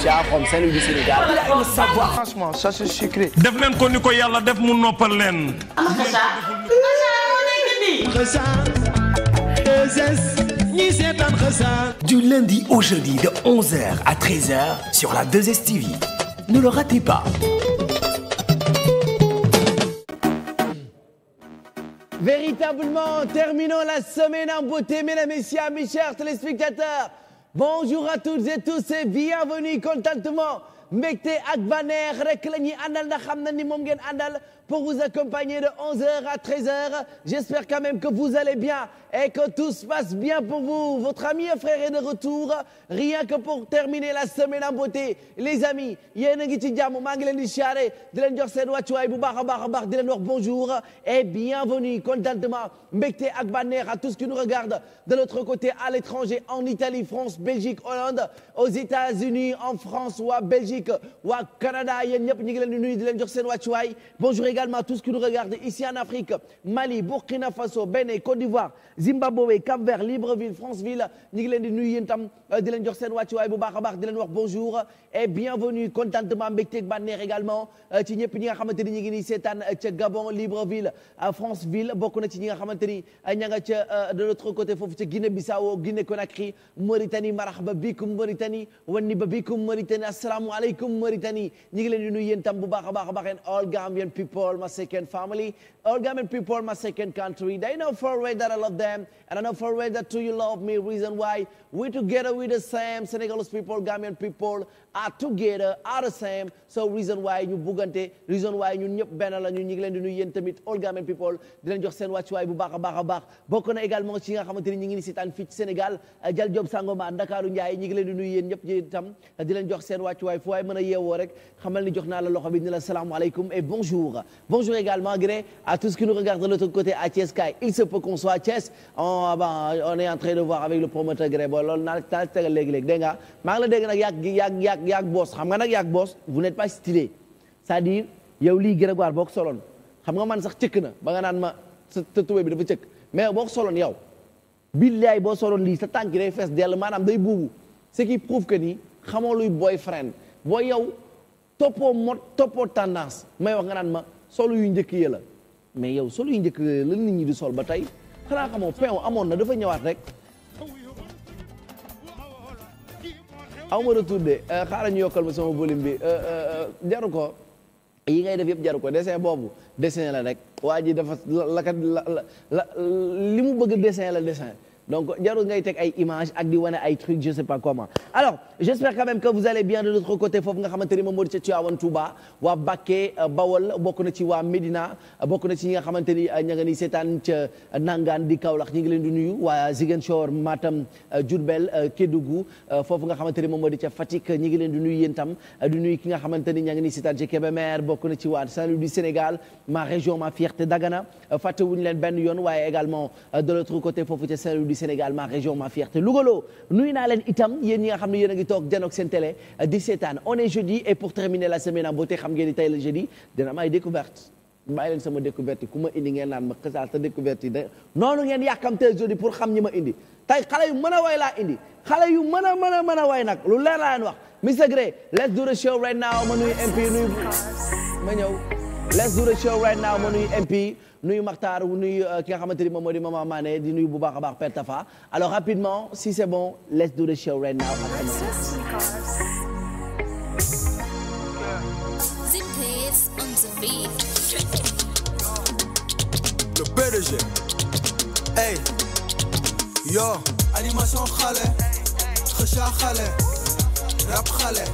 Chia Xom Saint-Louis du Sénégal. franchement yàlla def mu noppal leen. Du lundi au de 11 à 13 sur la stv Ne le ratez pas. Véritablement, terminons la semaine en beauté, mesdames, messieurs, mes chers téléspectateurs. bonjour à toutes et tous et bienvenue contentement mbégte ak bànneex rek la ñuy àndal ndax xam na ni moom ngeen àndal pour vous accompagner de 11h à 13h j'espère quand même que vous allez bien et que tout se passe bien pour vous. Votre ami et frère est de retour rien que pour terminer la semaine en beauté les amis yéen a ngi ci jàmm maa ngi leen di siyaare di leen jox seen wàccuwaay bu baax a baax a baax di leen wax bonjour et bienvenue contentement mbégte ak bànneex à tous qui nous regardent de l'autre côté à l'étranger en Italie France Belgique Hollande aux États-Unis en France waa Belgique waa Canada yéen ñëpp ñu ngi leen di nuyu di leen jox seen wàccuwaay bonjour également à tous qui nous regardent ici en Afrique Mali Burkina Faso Bénin Côte d'Ivoire Zimbabwe Cap Vert Libreville Franceville ñu ngi leen di nuyu yéen tam euh, di bu baax a baax wax bonjour et bienvenue contentement mbégteeg bànneex également euh, ci ñëpp ñi nga xamante ni ñu ngi nii euh, ca Gabon Libreville Franceville bokk ci ñi nga ni ña nga ca de l'autre côté foofu ca Guinée Bissau Guinée Conakry Mauritanie marhaba bikum Mauritanie wanni bikum Mauritanie asalaamualeykum Mauritanie ñu ngi leen di nuyu yéen bu baax a baax a baax them. And I know for a that love me. Reason why we together with the same Senegalese people, Gambian people are together, are the same. So reason why ñu buggante reason why ñun ñëpp benn la ñu ñu ngi leen all Gambian people di leen jox seen wàccuwaay bu baax a baax a baax bokk nga xamante ni ñu ngi ni seetaan fii Jal Job eh, Sangoma Ndakaaru Njaay ñu ngi leen di nuyu yéen ñëpp itam eh, di leen jox seen wàccuwaay fu waay mën a yeewoo Oh, on on de voir avec le promoteur Gréboy loolu naa la tegal léegi-léegi dégg nga maa ngi la dégg nag yàgg yàgg yàgg yàgg boss xam nga nag yàgg boss vous n'êtes pas stylé c'est-à-dire yow lii Grégoire boo ko soloon xam nga man sax cëkk na ba nga naan ma sa tubéy bi dafa cëkk mais boo soloon yow billaay boo soloon lii sa tànk day dell maanaam day buubu ce qui prouve que ni xamoo luy boyfriend boo yow toppoo mode toppoo tendance may wax nga naan ma solo yu njëkk yi la mais yow solo yu njëkk yi la nit ñi di sol ba tey xanaa xamoo peew amoon na dafa ñëwaat rek aw ma retour de euh, xaaral ñu yokkal ma sama volume bi euh, euh, jaru ko yi ngay def yëpp jaru ko dessin boobu dessin la rek waa ji dafa la la la li mu bëgg dessin la dessin donc jarul ngay teg ay image ak di wane ay trucs je sais pas alors j'espère quand même que vous allez bien de notre côté foofu nga xamante ni moom moo di ca Tivaouane Touba waa Bakke euh, Bawol bokk na ci waa Médina euh, bokk na ci ñi nga xamante ni euh, ña nga ni seetaan ca Nangaan di Kaolack ñi ngi leen di nuyu waa Ziguinchor Matam Diourbel Kédougou foofu nga xamante ni moom moo di ca Fatick ñi ngi di nuyu yéen tam di nuyu ki nga xamante ni ña nga ni seetaan ca bokk na ci waa Saint-Louis du Sénégal ma région ma fierté Dagana fàttewuñu leen benn yoon waaye également de l'autre côté foofu ca Saint-Louis Sénégal ma région ma fierté Lougaloo nuyu naa leen itam yéen ñi nga xam ne yéen a ngi toog janook seen télé euh, di seetaan on est jeudi et pour terminer la semaine en beauté xam ngeen ni tey la jeudi dina am ay découverte bàyyi leen sama découverte yi ku ma indi ngeen naan ma xësal sa découverte yi da noonu ngeen yàkkamtee jeudi pour xam ñi ma indi tey xale yu mën a way laa indi xale yu mën a a mën a way nag lu leer laa leen wax Mr Grey ma nuyu MP nuyu ma ñëw let's do the show right now ma nuyu MP nuyu Makhtar nuyu euh, ki nga xamante ni moom moo di Maman Mané di nuyu bu baax a baax Père Tafa alors rapidement si c'est bon let's do the show right now. le PDG. hey. yo. animation xale. xëcc xale. rap xale.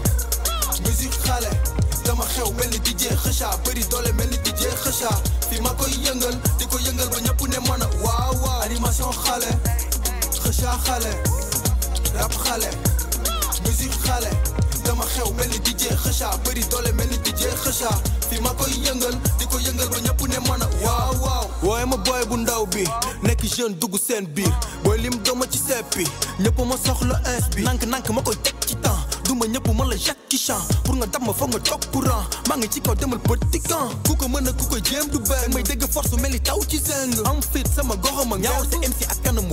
musique xale. dama xew mel ni DJ Kheucha bëri doole mel ni DJ Kheucha fi ma koy yëngal di ko yëngal ba ñëpp ne mën a waaw waaw animation xale Kheucha xale rap xale musique xale dama xew mel ni DJ Kheucha bëri doole mel ni DJ Kheucha fi ma koy yëngal di ko yëngal ba ñëpp ne mën a waaw waaw wooye ma booy bu ndaw bi nekk jeune dugg seen biir booy lim dooma ci seppi ñëpp ma soxla ins bi nank nank ma ko teg ci temps du ma ñëpp man la Jackie Chan pour nga dab ma foog nga topp courant maa ngi ci kaw demal petit camp ku ko mën a ku ko jéem du bëgg ma ñaaw te MC ak kanamu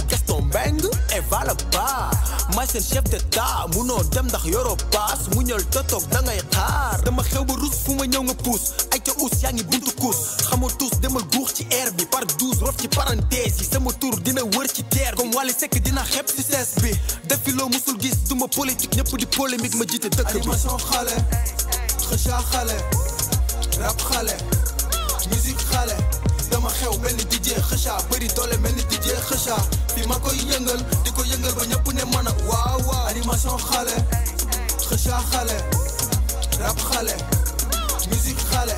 dem ndax yoroo paas mu ñëw te toog da ngay xaar dama xew ba rus fu ma ñëw nga puus ay ca us yaa ngi buntu kuus xamoo tuus ci air par douze rof ci parenthèse yi sama tur dina wër ci terre comme Wally Seck dina xeeb si sees bi defi loo musul duma politique ñëpp di polémique dynamique ma jiite dëkk bi animation xale xëca xale rap xale musique xale dama xew mel ni DJ xëca bëri doole mel ni DJ xëca fi ma koy yëngal di ko yëngal ba ñëpp ne mën a xale xëca xale rap xale musique xale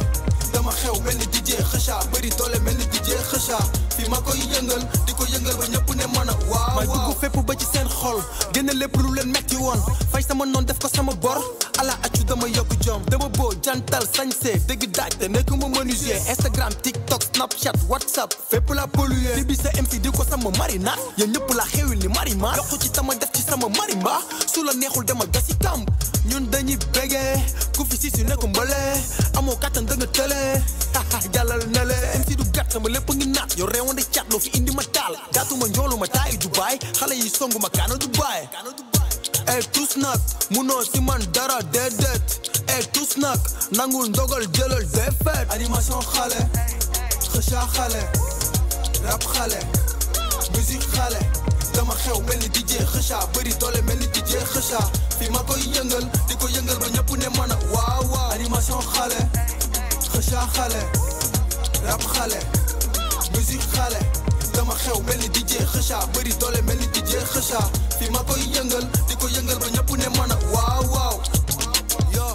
dama xew mel ni DJ xëca bëri doole mel ni DJ xëca fi ma koy yëngal di ko yëngal ba ñëpp ne mën a waaw may dugg fépp ba ci seen xol génne lépp lu leen metti woon fay sama noon def ko sama bor ala accu dama yokk jom dama boo jantal sañse dëgg daaj te nekk ma menuisier Instagram TikTok Snapchat WhatsApp fépp la polluer bi sa MC di ko sama marinaat yéen ñëpp la xewil ni marima yokku ci sama def ci sama marimba su la neexul demal gasi kamb ñun dañuy bégee ku fi si si nekku mbale amoo da nga tële jàllal na le MC du gàtt sama lépp ngi naat yow reewoon man de fi indi ma taal daatuma njoolu ma taayu xale yi songu ma kaana Dubaay ey eh, tus nag man dara déedéet ey eh, tus nag nangul ndogal jëlal défaite xale xëca xale rap xale musique xale dama xew mel ni DJ xëca bëri doole mel ni DJ xëca fi ma koy yëngal di ko yëngal ba ñëpp ne man a waaw waaw xale xëca xale rap xale musique xale dama xew mel ni DJ Kheucha bëri doole mel ni DJ Kheucha fi ma koy yëngal di ko yëngal ba ñëpp ne a waaw waaw yo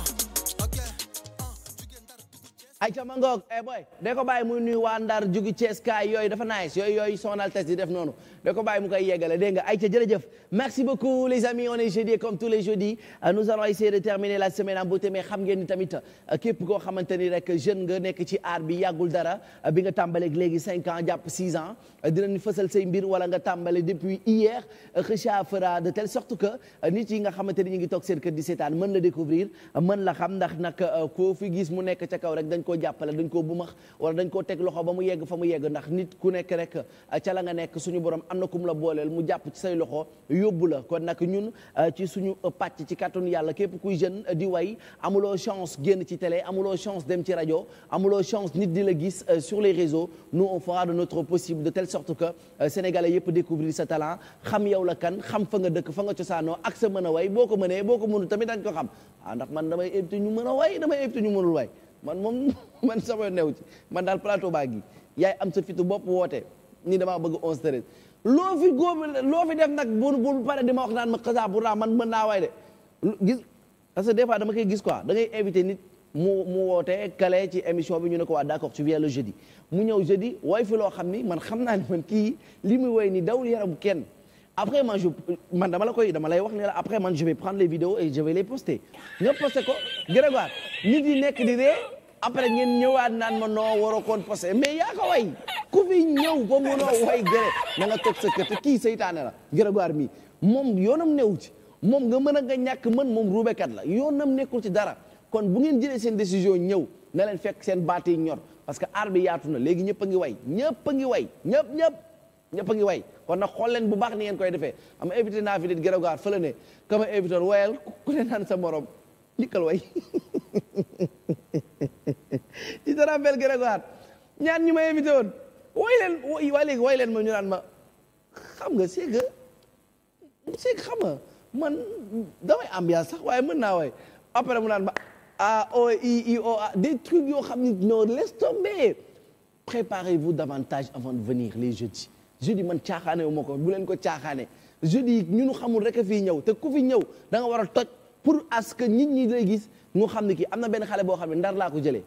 ay ca ma ngoog eh boy de ko bàyyi muy nuyu waa Ndar jugi Cees kaay yooyu dafa nice yooy yooyu sonal test di def noonu da ko bàyyi mu koy yeggale dégg nga ayca jërëjëf merci beaucoup les amis on est jeudi comme tous les jeudis euh, nous allons essayer de terminer la semaine en beauté mais xam ngeen tamit euh, képp koo xamante ni rek jeune nga nekk ci aar bi yàggul dara euh, bi nga tàmbaleeg léegi 5 ans jàpp 6 ans dinañ fësal say mbir wala nga tàmbale depuis hier Kheucha fera de telle sorte que nit yi nga xamante ni ñu ngi toog seen kër di seetaan mën la découvrir mën la xam ndax nag koo fi gis mu nekk ca kaw rek dañ koo jàppale dañ koo bumax wala dañ koo teg loxo ba mu yegg fa mu yegg ndax nit ku nekk rek ca la nga suñu borom am na kum la booleel mu jàpp ci say loxo yóbbu la kon nag ñun euh, ci suñu euh, pàcc ci kàttanu yàlla képp kuy jeune euh, di way amuloo chance génn ci télé amuloo chance dem ci rajo amuloo chance nit di la gis sur les réseaux nous on fera de notre possible de telle sorte que sénégalais yëpp découvrir sa talent xam yow la kan xam fa nga dëkk fa nga cosaanoo ak sa mën a way boo ko mënee boo ko mënul tamit dañ ko xam ah ndax man damay éviter ñu mën a way damay éviter ñu mënul way man moom man sama new ci man daal plateau baa gi yaay am sa fitu bopp woote ni damaa bëgg 11 13 loo fi góob loo fi def nag bu bu pare di ma wax naan ma xasaa pourtant man mën naa waay de gis parce que des dama koy gis quoi da ngay invité nit mu mu woote kale ci émission bi ñu ne ko waa d'accord tu viens jeudi mu ñëw jeudi way fi loo xam ni man xam naa ni man kii li muy woy ni dawul yaramu kenn après man je man dama la koy dama lay wax ne la après man je vais prendre les vidéos et je vais nga posté ko Grégoire nit yi nekk di ree après ngeen ñëwaat naan ma noo waroo koon posé mais yaa ko way ku fi ñëw ba mënoo way gëré na nga toog sa kër te kii seytaane la grégoire mi moom yoonam newu ci moom nga mën a nga ñàkk mën moom ruubekat la yoonam nekkul ci dara kon bu ngeen jëlee seen décision ñëw na leen fekk seen baat yi ñor parce que aar bi yaatu na léegi ñëpp a ngi way ñëpp ngi way ñëpp ñëpp ñëpp a ngi way kon nag xool leen bu baax ni ngeen koy defee am invité naa fi dit grégoire fële ne ka ma invité woyal ku ne sa morom dikkal way ci te rappel gi rek waat ñaar ñu ma invité woon way leen ma ñu ma xam nga c'est que c'est xam nga man damay ambiance sax waaye mën naa way après mu naan ma a o i i o a des trucs yoo xam préparez-vous davantage avant de venir les jeudis jeudi man caaxaane wu ma ko bu ko caaxaane jeudi ñunu xamul rek a fii ñëw te ku fi ñëw toj pour à ce que nit ñi lay gis mu xam ne kii am na benn xale boo xam ne ndar laa ko jëlee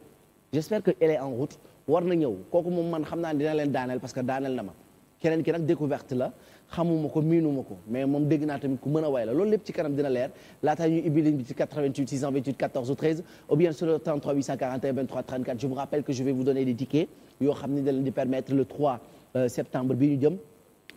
j'espère que elle est en route war na ñëw kooku moom man xam naa ne na leen daaneel parce que daaneel na ma keneen ki nag découverte la xamuma ko miinuma ko mais moom dégg naa tam ku mën a way la loolu lépp ci kanam dina leer laataa ñuy ubbi ligne bi ci sur le 33 841 23 34 je vous rappelle que je vais vous donner des tickets yoo xam ne da leen di permettre le euh, septembre bi ñu jëm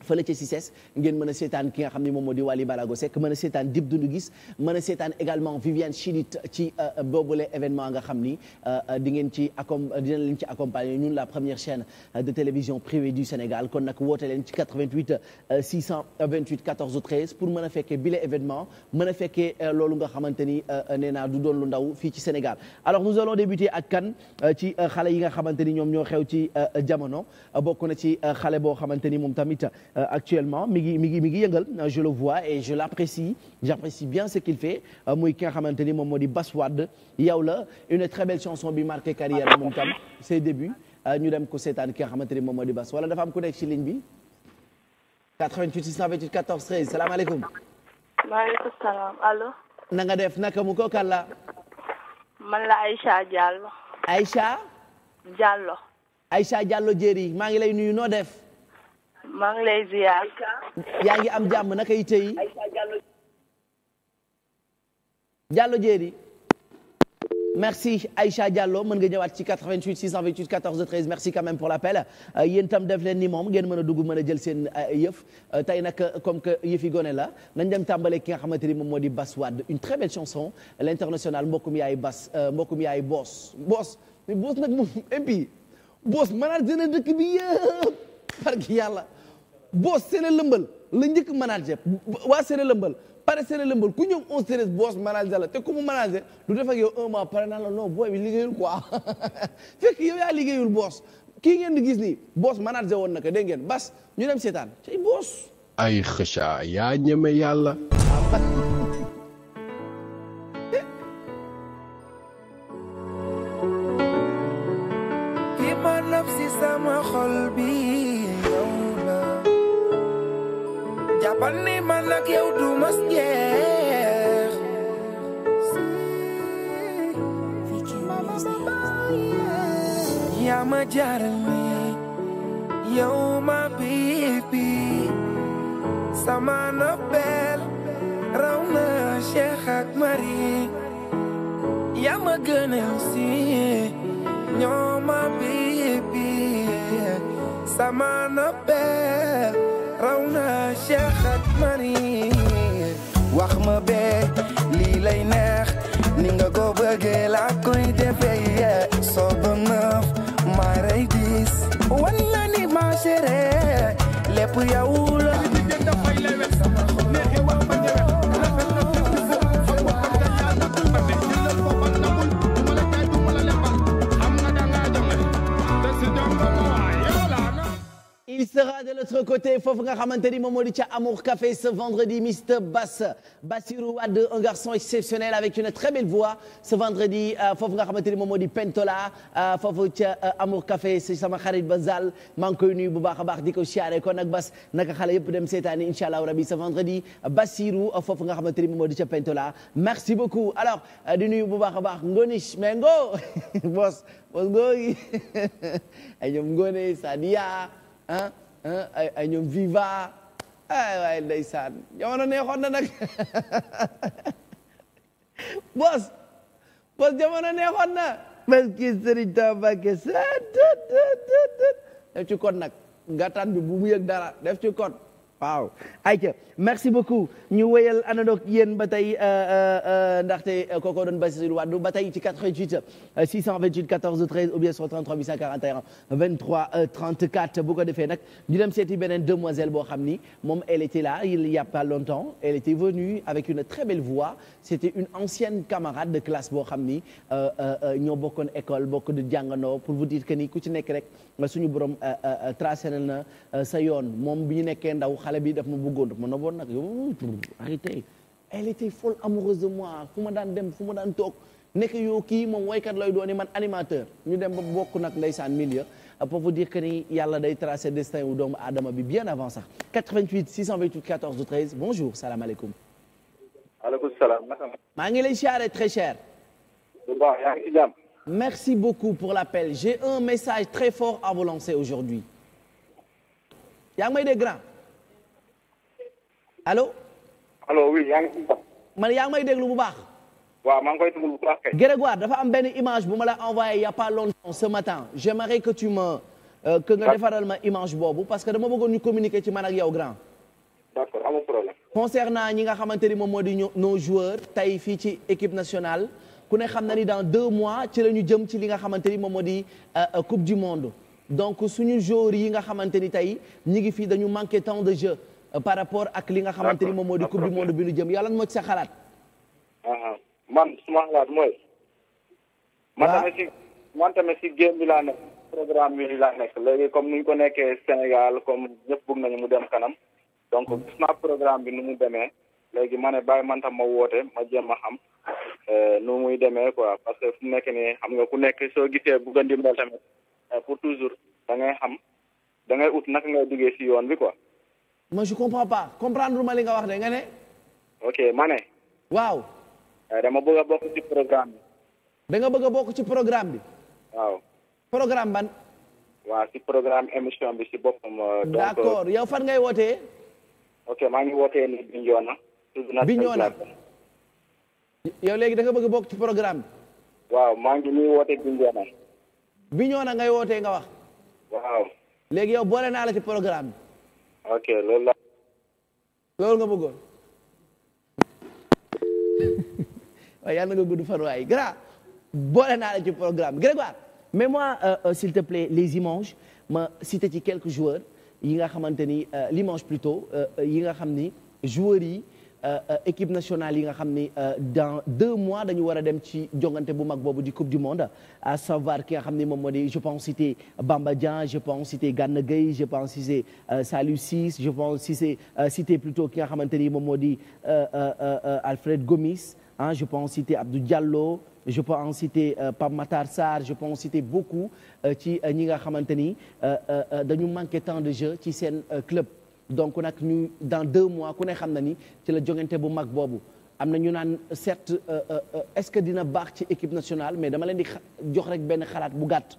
fële ca CICES ngeen mën a seetaan ki nga xam ne moom moo di Wally Balago Seck mën a seetaan Dip Doundou Guiss mën a seetaan également Viviane Chidid ci euh, euh, boobule événement nga xam ni euh, di ngeen ci accom dina leen ci accompagner ñun la première chaîne de télévision privée du Sénégal kon nag woote leen ci 88 628 14 13 pour mën a fekkee bile événement mën fekkee loolu nga xamante ni nee naa du doon lu ndaw fii ci Sénégal alors nous allons débuter ak kan ci xale yi nga xamante ni ñoom ñoo xew ci jamono bokk na ci xale boo xamante ni moom tamit Euh, actuellement mi ngi mi ngi mi ngi yëngal euh, je le vois et je l'apprécie j'apprécie bien ce qu'il euh, muy ki nga xamante ni moom moo di Bass Wade yow la une très belle chanson bi marqué carrière moom tam ses débuts ñu dem ko seetaan ki nga xamante ni moom moo di Bass wala dafa am ku nekk ci ligne bi 88 628 14 13 salaamaaleykum. maaleykum salaam allo. na nga def naka mu ko kàlla. man la Aïcha Diallo. Aïcha. Diallo. Aïcha Diallo Jéeri maa ngi lay nuyu noo def. maa ngi lay ziar. yaa ngi am jàmm na yi tey. Diallo Diéry. merci Aïcha Diallo man nga ñëwaat ci 88 628 14 13 merci quand pour l'appel euh, yéen itam def leen ni moom ngeen mën a dugg mën a jël seen euh, yëf euh, tey nag comme que yëfi gone la nañ dem tàmbale ki nga xamante ni moom moo di Bass Wade une très belle chanson l'international mbokkum yaay Bass mbokkum yaay Boss Boss mais nag moom MP Boss maanaam dina dëkk bi yëpp barki yàlla boos Séré Lëmbal la njëkk manager waa Séré Lëmbal pare Séré Lëmbal ku ñëw on Séré boos manager la te ku mu manager du def ak yow un mois pare naa la non booy bi liggéeyul quoi fekk yow yaa liggéeyul boos kii ngeen di gis nii boos manager woon na ko dégg ngeen bas ñu dem seetaan cay boos. ay xëcca yaa ñeme yàlla. jàppal ni man ak du mas jeex yaa ma jaaral ni yow ma bibi sama nobel raw na Cheikh ak Marie yaa ma gënal si ñoo ma bibi sama nobel raw na Cheikh ma wax ma bee lii lay neex ni nga ko bëggee laa koy defee soob neuf maa rey diis wan la ni ma chérie lépp yow il sera de l'autre côté foofu nga xamante ni moom moo di ca Amour Café ce vendredi Mister Bass Bassirou Wade un garçon exceptionnel avec une très belle voix ce vendredi euh, foofu nga xamante ni moom moo di Pentola euh, foofu ca euh, Amour Café si sama xarit ba Zal maa ngi koy bu baax a baax di ko siyaare kon nag Bass naka xale yëpp dem seetaani incha allah rabi ce vendredi Bassirou foofu nga xamante ni moom moo di ca Pentola merci beaucoup alors di nuyu bu baax a baax Ngonish mais Ngo boss boss Ngo ay ñoom Ngone Sadia. ah ay ay ñoom viva ay waaye ndeysaan jamono neexoon na nag bos bos jamono neexoon na parce que Serigne Tamba Mbacke sa def ci code nag gàttaan bi bu mu yëg dara def ci code waaw ayca merci beaucoup ñu wéyal anandoog yéen ba tey euh, euh, euh, ndaxte kooko doon Bassirou Wade ba tey ci 88 628 14 13 ou bien 33 841 23 34 bu ko defee nag ñu dem seeti beneen demoiselle boo xam ni moom elle était là il y a pas longtemps elle était venue avec une très belle voix c'était une ancienne camarade de classe boo xam ni ñoo bokkoon école bokk di jàngandoo pour vous dire que ni ku ci nekk rek suñu borom tracé na sa yoon moom bi ñu nekkee ndaw xale bi daf ma bëggoon daf na noboon nag yow arrêté elle était folle amoureuse de moi fu ma daan dem fu ma daan toog nekk yoo kii moom woykat lay doon man animateur ñu dem ba bokk nag ndeysaan milieu pour vous dire que ni yàlla day tracé destin wu doomu aadama bi bien avant sax 88 628 14 13 bonjour salaamaaleykum. maaleykum salaam. maa ngi lay siyaare très merci beaucoup pour l'appel j'ai un message très fort à vous lancer aujourd'hui yaa ngi may dégg alo allo yaa ngi man yaa ngi may déglu bu baax. waaw maa ngi Grégoire dafa am benn image bu ma la envoyé il y a pas longtemps ce matin j'aimerais que tu me. Euh, que nga defaral ma image boobu parce que dama bëggoon ñu communiqué ci man ak yow grand. d'accord concernant ñi nga xamante ni moom moo di nos joueurs tey fii ci équipe nationale ku ne xam na ni dans deux mois ci la ñu jëm ci li nga xamante ni moom moo di euh, euh, coupe du monde donc suñu joueurs yi nga xamante ni tey ñi ngi fii dañu manqué temps de jeu. Euh, par rapport ak li nga xamante ni moom moo di coupe du monde bi nu jëm yàlla moo ci sa xalaat. man suma xalaat mooy. man tamit si man tamit si game bi laa nekk programme laa nekk léegi comme ni ñu ko nekkee Sénégal comme ñëpp bëgg nañu mu dem kanam donc gis hmm. naa programme bi nu mu demee léegi ma ne bàyyi man tam ma woote ma jéem a xam euh, nu muy demee quoi parce que fu mu nekk nii xam nga ku nekk soo gisee bëgg a tamit euh, pour toujours dangay ngay xam da ngay ut naka ngay duggee si yoon bi quoi. moi je comprends pas comprendre ma li nga wax de nga ne. ok ma waaw. Eh, dama bëgg a bokk ci programme bi. da nga bëgg a bokk ci programme bi. waaw. programme ban. waaw programme émission bi si boppam. Euh, yow fan ngay wootee. ok maa ngi wootee ni Bignona. Bignona. yow léegi da nga bëgg bokk ci programme bi. waaw maa ngi nii wootee Bignona. Bignona ngay wootee nga wax. waaw. léegi yow boole naa la ci programme bi. ok loolu la. loolu nga bëggoon. waaye yàlla na nga gudd fan waay grand boole naa la ci programme Grégoire mais moi euh, euh, s'il te plaît les images ma cité ci quelques joueurs yi nga xamante ni euh, l'image plutôt yi nga xam ni joueurs yi. Euh, euh, équipe nationale yi nga xam ni euh, dans deux mois dañu war a dem ci jongante bu mag boobu di coupe du monde à savoir ki nga xam ni moom moo di je pense citer Bamba Dieng je pense citer Gana Gueye pense citer Saliou Ciss pense citer citer plutôt ki nga xamante ni moom moo di Alfred Gomis ah je pense citer Abdou Diallo je peux en citer euh, Pape Matar Sarr je beaucoup ci ñi nga xamante ni dañu manqué temps de jeu ci seen club donc nag ñu dans deux mois ku ne xam na ni ci la jongante bu mag boobu am na ñu naan certes euh, euh, euh, est-ce que dina baax ci équipe nationale mais dama leen di jox rek benn xalaat bu gàtt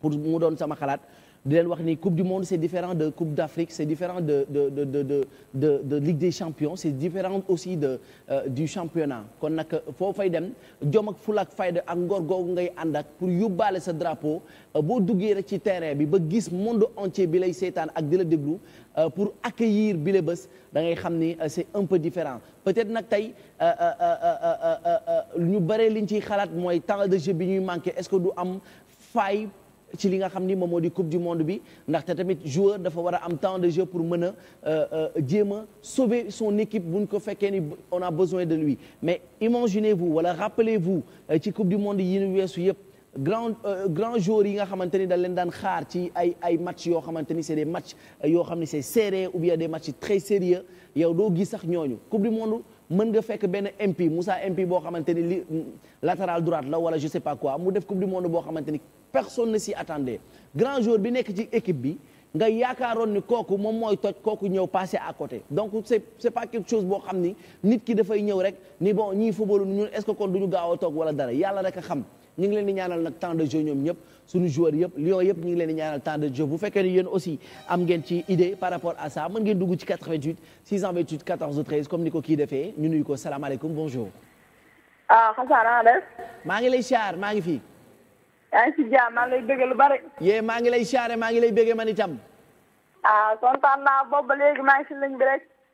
pour mu doon sama xalaat di leen wax ni coupe du monde c'est différent de coupe d'Afrique c'est différent de de de de de de, de Ligue des champions c'est différent aussi de euh, du championnat kon nag foo fay dem jom ak fula ak fayda ak ngor googu ngay ànd ak pour yóbbaale sa drapeau euh, boo duggee rek ci terrain bi ba gis monde entier bi lay seetaan ak di la déglu euh, pour accueillir bi la bés da ngay xam ni euh, c'est un peu différent peut-être nag tey ñu li ñu ciy xalaat mooy temps de jeu bi ñuy manqué est-ce que du am faille ci li nga xam ni moom moo di coupe du monde bi ndaxte tamit joueur dafa war a am temps de jeu pour mën a euh, euh, jéem a sauver son équipe buñ ko fekkee ni on a besoin de lui mais imaginez-vous wala rappelez-vous euh, ci coupe du monde yi ñu weesu yëpp grand grand joueur yi nga xamante ni dañ leen daan xaar ci ay ay match yoo xamante ni c'est des matchs yoo xam ni c'est serré ou bien des matchs très sérieux yow doo gis sax ñooñu coupe du monde mën nga fekk benn MP Moussa MP boo xamante ni li mm, latéral droite la wala je sais pas quoi mu def coupe du monde boo xamante ni personne ne si attendait grand joueur bi nekk ci équipe bi nga yaakaaroon ni kooku moom mooy toj kooku ñëw passé à côté donc c'est pas quelque chose boo xam ni nit ki dafay ñëw rek ni bon ñii football ñun est-ce que kon du ñu gaaw a toog wala dara yàlla rek a xam. ñu ngi leen di ñaanal nag temps de jeu ñoom ñëpp suñu joueur yëpp Lions yëpp ñu ngi leen di ñaanal temps de jeu bu fekkee ne yéen aussi am ngeen ci idée par rapport à ça mën ngeen dugg ci 88 628 14 13 comme ni ko kii defee ñu nuyu ko salaamaaleykum bonjour. ah Xassane naa def. maa ngi lay siyaar maa ngi fi. yaa ngi si jàmm maa lay bëgg lu bari. yee maa ngi lay siyaare maa ngi lay bëggee man itam. ah a naa boobu ba léegi maa ngi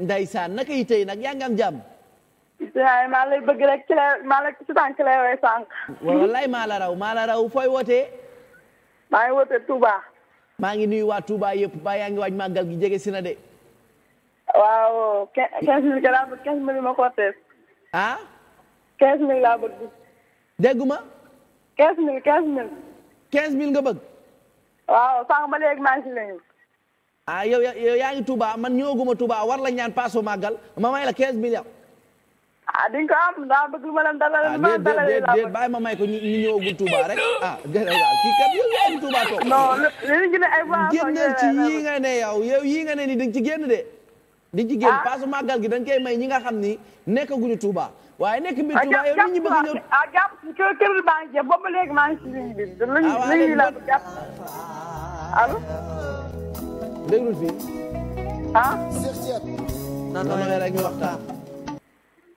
ndeysaan naka tey nag yaa jàmm. waaye maa lay bëgg rek ci la maa la ci tànk lay way sànq. wallaay maa la raw maa la raw fooy wootee. ngi wootee Touba. maa ngi nuyu waa Touba yëpp ba yaa ngi waaj màggal gi jege si na de. waaw quinze mille laa bëgg quinze mille ma ko tees. ah. quinze mille laa bëgg. dégguma. quinze mille quinze mille. quinze mille nga bëgg. waaw sànq ba léegi maa ngi si lañu. ah yow yow yaa ngi Touba man ñëwaguma Touba war la ñaan paaso màggal ma may la quinze millions. ah di nga ko am daa bëgg lu ma leen dalal. lu ah, ma leen dalal la ah déedéet bàyyi ma may ko ñu ñu ñëwagul Touba rek ah déedéet waaw kii kat yow yaa ngi Touba toog. non li ñu ne ay voix génneel ci yii nga ne yow yow yii nga ne ni dañ ci génn de. di ci génn ah. paasu màggal gi dañ koy may ñi nga xam ni nekkaguñu Touba waaye nekk biir ah, Touba yow nit ñi bëgg ñëw. ah jàpp kër kër bi maa ngi jëm boobu léegi maa ngi ci ligne bi. luñu luñu la jàpp allo. déglul fii. ah. naan damay rek ñu waxtaan.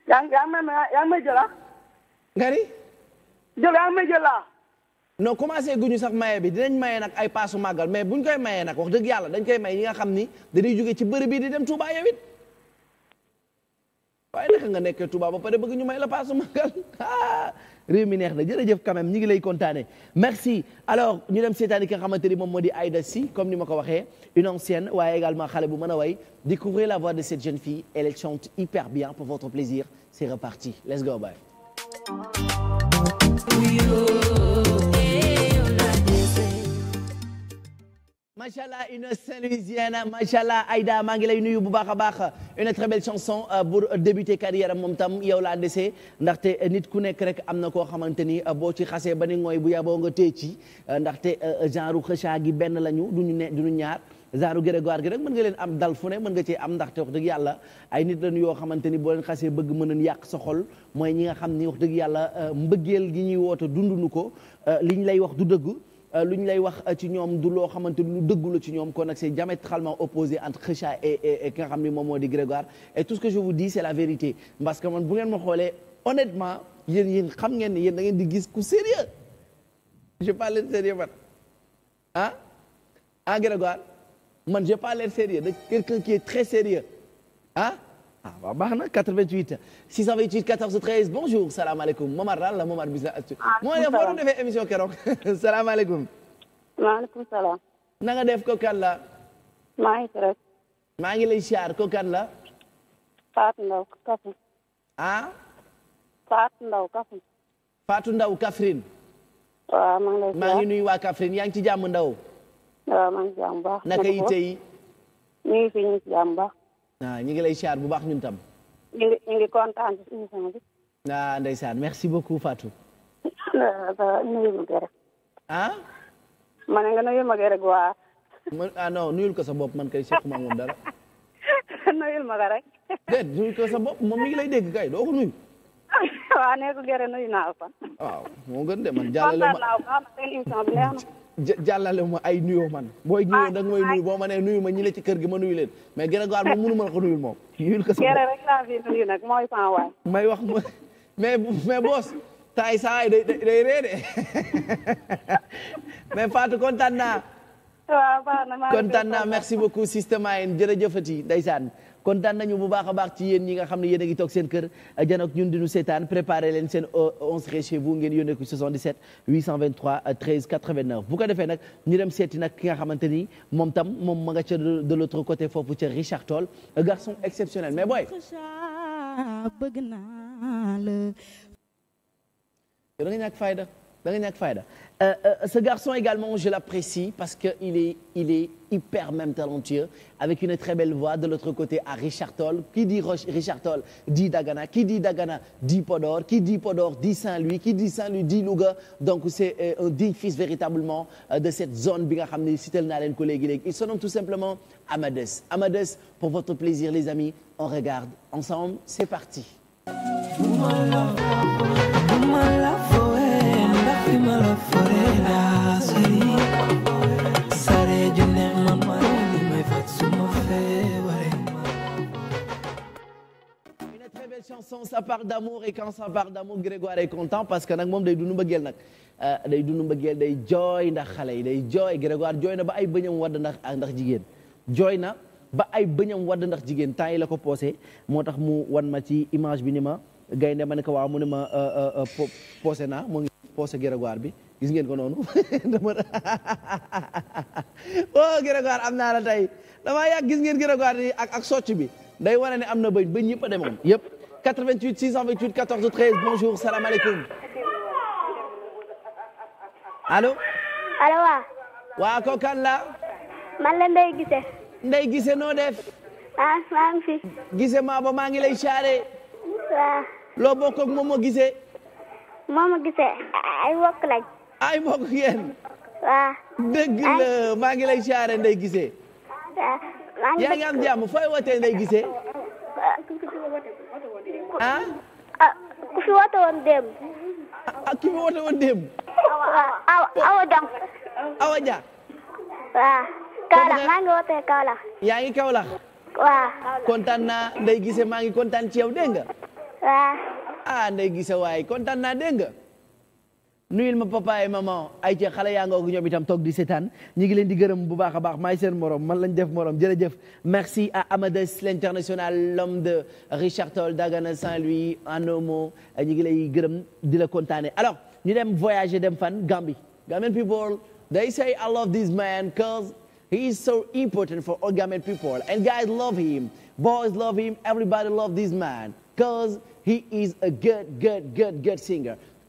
yaa ngi yaa ngi may jël ah. nga ni. jël yaa ngi may jël ah. non guñu sax maye bi dinañ maye nag ay paasu màggal mais buñ koy mayee nag wax dëgg yàlla dañ koy may ñi nga xam ni dañuy jóge ci bëri bii di dem Touba yow it waaye naka nga nekke Touba ba pare bëgg ñu may la paasu màggal ah. réew mi neex na jërëjëf quand même ñi ngi lay kontaane merci alors ñu dem seetaani ki nga xamante ni moom moo di Aïda Sy comme ni ma ko waxee une ancienne waaye également xale bu mën a way découvrez la voix de cette jeune fille elle chante hyper bien pour votre plaisir c'est reparti let's go bye macha allah une Saint-Louisienne macha allah Aïda maa ngi lay nuyu bu baax a baax une très belle chanson euh, pour débuter carrière moom tam yow laa desee ndaxte euh, nit ku nekk rek am na koo xamante ni euh, boo ci xasee ba ni ngooy bu yaboo nga téye ci ndaxte genre xëcca gi benn lañu duñu ne duñu ñaar. Zaaru Grégoire gi rek mën nga leen am dal fu ne mën nga cee am ndaxte wax dëgg yàlla ay nit lañu yoo xamante ni boo leen xasee bëgg mën nañ yàq sa xol mooy ñi nga xam ni wax dëgg yàlla mbëggeel gi ñuy woote dunduñu ko liñ lay wax du dëgg. lu ñu lay wax ci ñoom du loo xamante lu dëggu la ci ñoom kon nag c'est diamétralement opposé entre Kheucha et ki nga xam moom moo di Grégoire et tout ce que je vous dis c'est la vérité parce que man bu ngeen honnêtement yéen yéen xam ngeen ni yéen ngeen di gis ku sérieux j'ai pas l'air sérieux man ah ah Grégoire man j'ai pas l'air sérieux de quelqu'un qui est très sérieux ah? ah baax na 88 628 14 13 bonjour salaamaaleykum Momar daal la Momar Bisa Actu. moo def foo doon defee émission keroog salaamaaleykum. maaleykum salaam. na nga def ko kan la. maa ngi maa ngi lay siyaar ko kan la. Fatou Ndaw kafrin ah. Fatou Ndaw Kaffrine. maa ngi lay nuyu waa Kaffrine yaa ngi ci jàmm Ndaw. naka yi tey. fi ñu ci jàmm baax. waaw ñu ngi lay siyaar bu baax ñun tam. ñu ngi ñu ngi kontaan ci émission bi. ah ndeysaan merci beaucoup Fatou. nuyul ma gërëm. ah. ma ne nga nuyul ma gërëm waa. man ah non nuyul ko sa bopp man kay Cheikh Mamour dara. nuyul ma ko rek. déet nuyul ko sa bopp moom mi ngi lay dégg kay doo ko nuyu. waaw ne ko gërëm nuyu naa ko moo gën de man jàllale ma kontaan naa ko seen bi neex na. jàllale ma ay nuyoo man booy ñëwee ah, da nga may nuyu boo ma nuyu ma ñi ci kër gi ma nuyu leen mais gën a gaaw moom mënu ma la ko moo moom. nuyul ko sama nuyu nag mooy may wax ma mais mais boos taay day day ree de mais Fatou kontaan naa. na kontaan naa merci beaucoup système AN jërëjëfati ndeysaan kontaan nañu bu baax a baax ci yéen ñi nga xam ne yéen a ngi toog seen kër eh, janok ñun di ñu seetaan préparé leen seen euh, on serait chez vous ngeen yónnee ko 77 823 13 89 bu ko defee nag ñu dem seeti nag ki nga xamante ni moom tam moom ma nga ca de l' autre côté foofu ca Richard Toll euh, garçon exceptionnel mais booy. bëgg naa la. da nga fayda da nga ñàkk fayda. Euh, euh, ce garçon également, je l'apprécie parce que il est il est hyper même talentueux avec une très belle voix de l'autre côté à Richard Toll qui dit Richard Toll dit Dagana qui dit Dagana dit Podor qui dit Podor dit Saint-Louis qui dit Saint-Louis dit Louga donc c'est euh, un digne fils véritablement euh, de cette zone bi nga xam ne sitel naa leen ko léegi léegi il se nomme tout simplement Amades Amades pour votre plaisir les amis on regarde ensemble c'est parti. chanson ça part d'amour et quand ça part d'amour Grégoire est content parce que nag moom day ba mbëggeel nag euh, day dund mbëggeel day jooy ndax xale yi day jooy Grégoire jooy na ba ay bëñam wadd ndax ah, ndax jigéen jooy na ba ay bëñam wadd ndax jigéen temps yi la ko posé moo tax mu wan ma ci image bi ni ma gaynde ma ne ko waaw mu ne ma euh, euh, posé naa moo ngi posé Grégoire bi gis ngeen ko noonu dama oh Grégoire am naa la tey damaa yàgg gis ngeen Grégoire yi ak ak socc bi day wane ne am na bëñ bëñ yëpp a demoon yëpp 88 628 14 13 bonjour salaamaaleykum allo. allo waaw. waaw kooku kan la. man la Gise. Ndeye Gise noo def. ah maa ngi fi. Gise maa ba maa ngi lay caare. waaw. loo bokk ak Gise. moom Gise ay wokk lañ. ay mbokk yéen. waaw. dëgg la maa ngi lay siyaare Ndeye Guissé. waaw yaa ngi am jàmm fooy wootee Ndeye Guissé. ah. ku fi woote woon démb. ah ku fi woote woon awa awa awa ja. waaw. Kaolack maa ngi wootee Kaolack. yaa ngi Kaolack. waaw. kontaan naa Ndeye Guissé maa ngi kontaan ci yow dégg nga. waaw. ah Ndeye Guissé waaye kontaan naa dégg nga. nuyul ma papa et maman ay ca xale yaa nga ko ñoom itam toog di seetaan ñu ngi leen di bu baax a baax maay seen morom man lañ def morom jërëjëf merci à Amadeus l'international l'homme de Richard Toll Dagana Saint-Louis en homo ñu ngi lay gërëm di la kontaane alors ñu dem voyager dem fan Gambie Gambian people they say I love this man cause he is so important for all Gambian people and love him boys love him everybody love this man cause he is a good good good good singer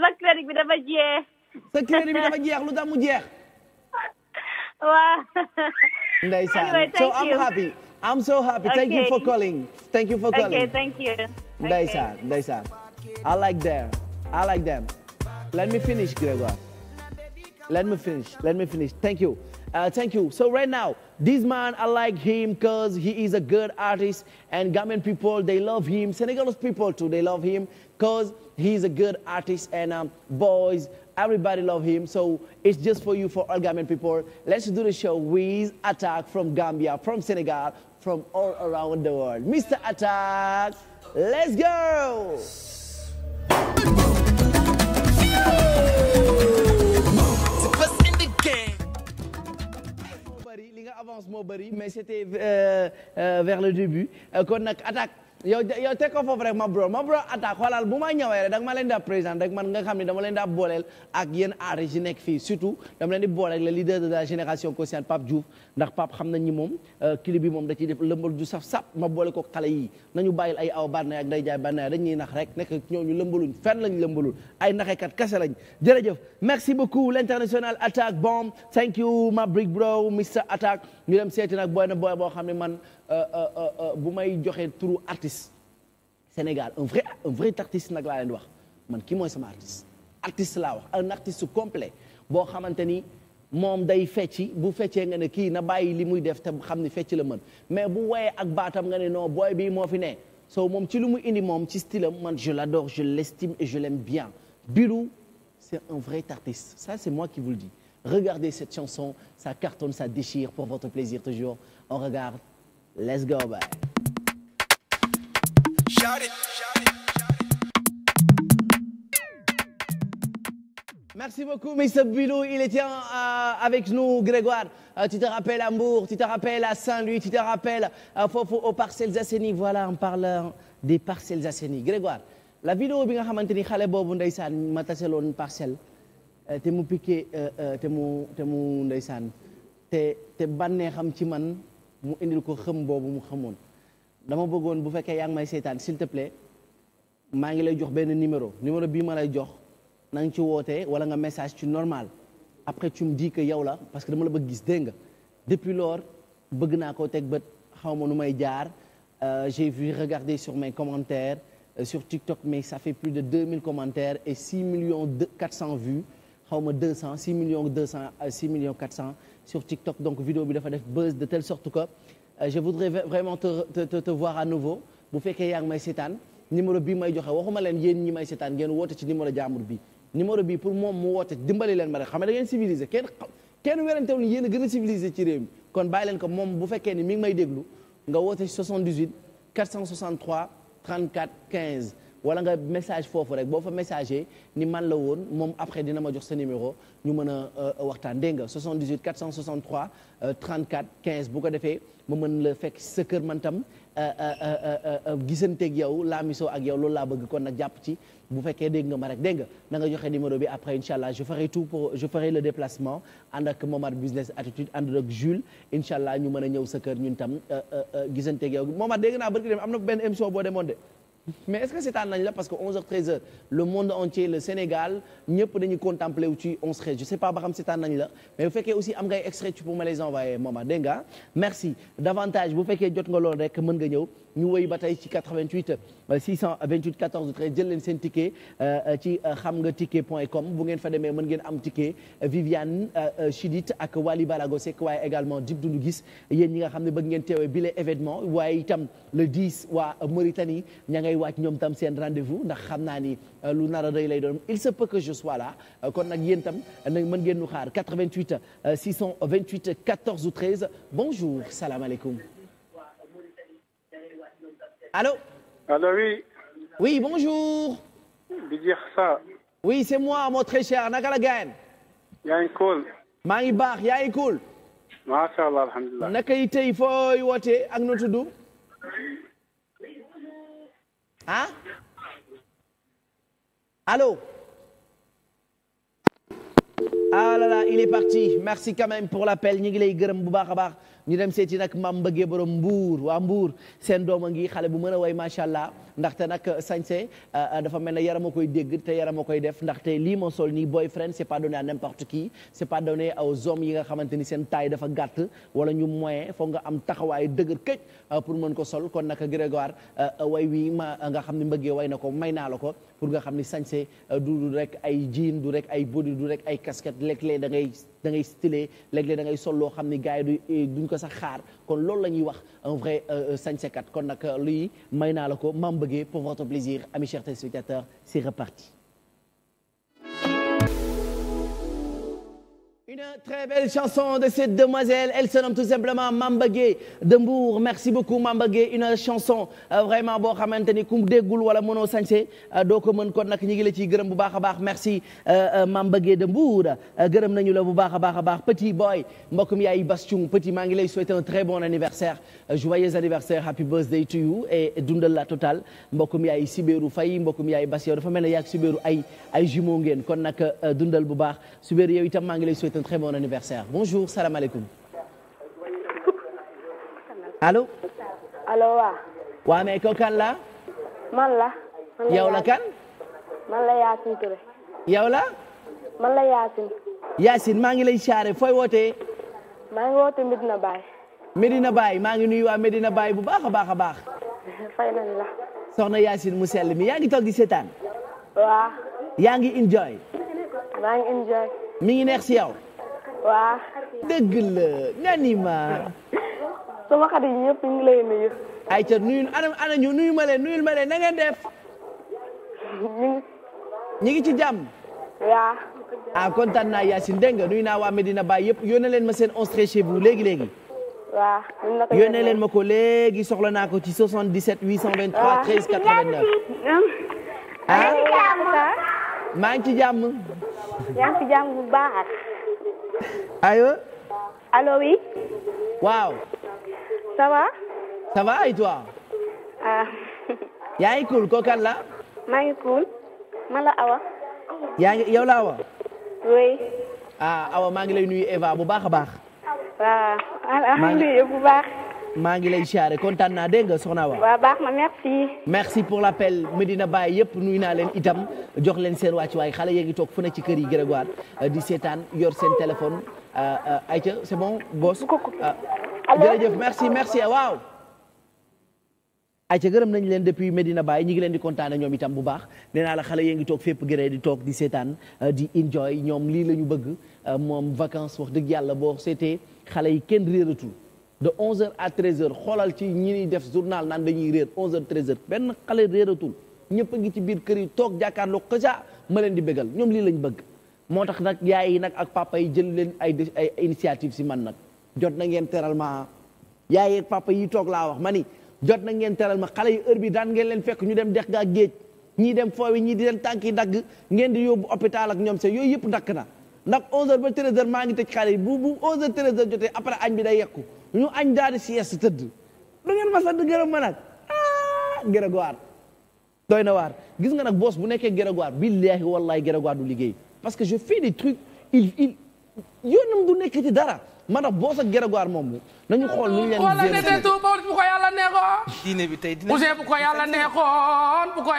sa crédit bi dafa jeex. sa crédit bi dafa jeex lu tax mu jeex. waaw. ndeysaan so I'm happy. I'm so happy. Okay. Thank you for calling. Thank you for calling. Okay, thank you. Ndeysaan, okay. ndeysaan. I like them. I like them. Let me finish, Gregor. Let me finish. Let me finish. Thank you. Uh, thank you. So right now, this man, I like him because he is a good artist and Gambian people, they love him. Senegalese people too, they love him because he's a good artist and um, boys, everybody love him. So it's just for you, for all Gambian people. Let's do the show with Attack from Gambia, from Senegal, from all around the world. Mr. Attack, let's go! li nga avance moo bëri mais c'était euh, euh, vers le début euh, kon nag yow yow teg ko foofu rek ma bro ma bro attaque xoolal bu ma ñëwee rek da nga ma leen di président rek man nga xam ne dama leen daa booleel ak yéen artiste yi nekk fii surtout dama leen euh, ma boole ko xale yi nañu bàyyil ay aw bànneex ak day nax rek nekk ñooñu lëmbaluñ fenn lañ lëmbalul ay naxekat kese lañ jërëjëf merci beaucoup l'international attaque bomb thank you my big bro Mr attaque ñu dem seeti nag booy na booy boo xam ne man Euh, euh, euh, bu may joxe turu artiste Sénégal un vrai un vrai nag laa leen wax man kii mooy sama artiste artiste laa wax un artiste complet boo xamante ni moom day fecci bu feccee nga ne kii na bàyyi li muy def te xam ni fecci la man mais bu woyee ak baatam nga ne noo booy bii moo fi ne so moom ci lu mu indi moom ci style am man je l'adore je l'estime et je l'aime bien Bilou c'est un vrai artiste ça c'est moi qui vous le dis regardez cette chanson ça cartonne ça déchire pour votre plaisir toujours on let's go back. Shout it. Merci beaucoup, Mr Bilou. Il était euh, avec nous, Grégoire. Euh, tu te rappelles à Mbour, tu te rappelles à Saint-Louis, tu te rappelles euh, foofu aux Parcelles Assainies. Voilà, on parle des Parcelles Assainies. Grégoire, la vidéo bi nga xamante ni xale boobu ndeysaan ma taseloon parcelle euh, te mu piqué euh, euh, te mu te mu ndeysaan te te bànnee xam ci man mu indil ko xëm boobu mu xamoon dama bëggoon bu fekkee yaa ngi may seetaan s'il te plaît maa ngi lay jox benn numéro numéro bii ma lay jox na ci woote wala nga message ci normal après tu mu dis que yow la parce que dama la bëgg gis dégg nga depuis lors bëgg naa koo teg bët xaw ma nu may jaar euh, j'ai vu regarder sur mes commentaires euh, sur TikTok mais ça fait plus de 2000 commentaires et 6 millions 400 vues xaw ma 200 6 millions 200 à 6 millions 400 sur TikTok donc vidéo bi dafa def buzz de telle sorte que euh, je voudrais vraiment te voir à nouveau bu fekkee yaa ngi may seetaan numéro bii may joxe waxuma leen yéen ñi may seetaan ngeen woote ci numéro jaamur bi numéro bii pour moom mu woote dimbali leen ma rek xam ne da ngeen civilisé kenn kenn werantewul yéen a gën a civilisé ci réew mi kon bàyyi leen ko moom bu fekkee ni mi ngi may déglu nga woote ci 78 463 34 15. wala nga message foofu rek boo fa messager ni man la woon moom après dina ma jox sa numéro ñu mën a euh, waxtaan dégg nga 78 463 34 15 bu ko defee ma mën la fekk sa kër man tam euh, euh, gisanteeg yow laa misoo ak yow loolu laa bëgg kon nag jàpp ci bu fekkee dégg nga ma rek dégg nga na nga joxe numéro bi après incha allah je ferai tout pour je ferai le déplacement ànd ak Momar business attitude ànd allah ñu mën a ñëw sa kër ñun tam gisanteeg yow Momar dégg naa barki na benn émission boo demoon mais est-ce que seetaan nañ la parce que 11h 13h le monde entier le Sénégal ñëpp dañuy contempler wu ci 11 13 je sais pas ba xam seetaan nañ la mais bu fekkee aussi am ngay extrait tu peux me les envoyer maman nga merci davantage bu fekkee jot nga lool rek mën nga ñëw. ñu woy ba tey ci 88 628 14 13 jël leen seen ticket euh, euh, ci euh, xam nga ticket point com bu ngeen fa demee mën ngeen am ticket Viviane Chidid ak Wally Balago sek waaye également Dip Doundou Guiss yéen ñi nga xam ne bëgg ngeen teewee bile événement waaye itam le 10 waa Mauritanie ña ngay waaj ñoom tam seen rendez-vous ndax xam naa ni lu nar a lay doon il se peut que je sois là kon nag yéen tam nag mën ngeen nu xaar 88 628 14 ou 13 bonjour salaamaaleykum. alo alo oui. Oui, bonjour. Bidji Khassa. Oui, c'est moi, mon très cher. Naka la gain yaa ngi cool. baax yaa ngi cool. macha allah alhamdulilah. naka yi tey fooy wootee ak noo tudd. ah. allô. ah il est parti merci quand même pour l'appel ñu ngi lay gërëm bu baax a baax. ñu dem seeti nag mam mbëggee borom mbuur waa mbuur seen doom a ngi xale bu mën a way macha allah ndaxte nag euh, sañse euh, euh, dafa mel ne yaram a koy dégg te yaram a koy def ndaxte lii ma sol nii boyfriend c'est pas donné à n'importe qui c'est pas donné aux hommes yi nga xamante ni seen taille dafa gàtt wala ñu moyen foog nga am taxawaay dëgër këj pour mën ko sol kon nag Grégoire way wii ma nga xam ne mbëggee way na ko may naa la ko pour nga xam ni sañse du du rek ay jean du rek ay body du rek ay casquette léeg-léeg da ngay da ngay stylé léeg-léeg ngay sol loo xam ni gars yi du duñ ko sax xaar kon loolu la ñuy wax un sañsekat kon nag luy may naa la ko jógee pour votre plaisir amis chers téléspectateurs c'est reparti Une très belle chanson de cette demoiselle, elle se nomme tout simplement Mamba Gueye de Mbour. Merci beaucoup Mamba Gueye, une chanson euh, vraiment boo xamante ni ku mu déggul wala mënoo sañse euh, doo ko mën kon nag ñu ngi la ciy gërëm bu baax a baax merci euh, Mamba Gueye de Mbour gërëm nañu la bu baax a baax a baax petit boy mbokkum yaay Bass Thioung petit maa ngi lay souhaiter un très bon anniversaire joyeux anniversaire happy birthday to you et dundal la total mbokkum yaay Sibéru Faye mbokkum yaay Bass yow dafa mel ne yaa ak ay ay jumeau ngeen kon nag dundal bu baax Sibéru yow itam maa ngi lay souhaiter un très bon anniversaire bonjour salaamaaleykum allo. allo waaw. waaw mais kooku kan la. man la. yow la kan. man la Yacine Touré. yow la. man la Yacine. Yacine maa ngi lay siyaare fooy wootee. maa ngi wootee Medina Baye. Medina Baye maa ngi nuyu waa Medina Baye bu baax a baax a baax. fay nañ la. soxna Yacine mu yaa ngi toog di seetaan. yaa ngi enjoy. maa ngi enjoy. mi ngi neex si yow. waa dëgg la nani ma sama xarit yi ñëpp ñu ngi lay nuyu ay nuyu ñu nuyu ma leen ma leen na ngeen def ñi ngi ci jàmm a ah kontaan naa Yacine dégg nga nuyu naa waa Medina Baye yëpp yónnee leen ma seen onze chez vous léegi léegi waaw leen ma ko léegi soxla naa ko ci 77 823 13 89 ah maa ngi ci jàmm yaa ngi ci jàmm bu baax Aïe Allô, oui Waouh Ça va Ça va Ah. yaa ngi la. maa ngi cool. man la Awa. yaa ngi la Awa. oui. ah Awa maa ngi lay nuyu Eva bu baax a baax. waaw alhamdulilah bu baax. maa ngi lay siyaare kontaan naa dégg nga soxna wa waaw baax na merci. merci pour l'appel Medina Baye yëpp nuyu naa leen itam jox leen seen wàccuwaay xale yaa ngi toog fu ne ci kër yi Grégoire euh, di seetaan yor seen téléphone euh, euh, Aïcha c'est bon boss. jërëjëf merci merci waaw. ayca gërëm nañ leen depuis Medina Baye ñi ngi leen di kontaane ñoom itam bu baax nee naa la xale yee ngi toog fépp gëré di toog di seetaan di enjoy ñoom lii la ñu bëgg moom vacances wax dëgg yàlla boo seetee xale yi kenn réeratul de 11h à 13h xoolal ci ñi ñuy def journal naan dañuy réer 11h 13h benn xale réeratul ñëpp a ngi ci biir kër yi toog jàkkaarloo xëca ma leen di bégal ñoom lii lañ bëgg. moo tax nag yaay yi nag ak papa yi jël leen ay ay initiative si man nag jot na ngeen teral ma yaay ak papa yi toog laa wax ma ni jot na ngeen teral ma xale yi heure bi daan ngeen leen fekk ñu dem dex ga géej ñii dem foowi ñii di leen tànk yi dagg ngeen di yóbbu hôpital ak ñoom seen yooyu yëpp dakk na ndax 11h ba maa ngi tëj xale yi bu bu 11h 13 añ bi day yekku ñu añ daal di sieste tëdd du ngeen mas a di gërëm ma nag ah, doy na waar gis nga nag boss bu nekkee gërëgwaar billaahi wallaahi gërëgwaar du liggéey parce que je fais des trucs il il yoonam du nekk ci dara man nag boos ak gërëgwaar moom nañu xool nu ñu leen wala nete bu ko yàlla neexoon bi tey dina bu ko yàlla neexoon bu ko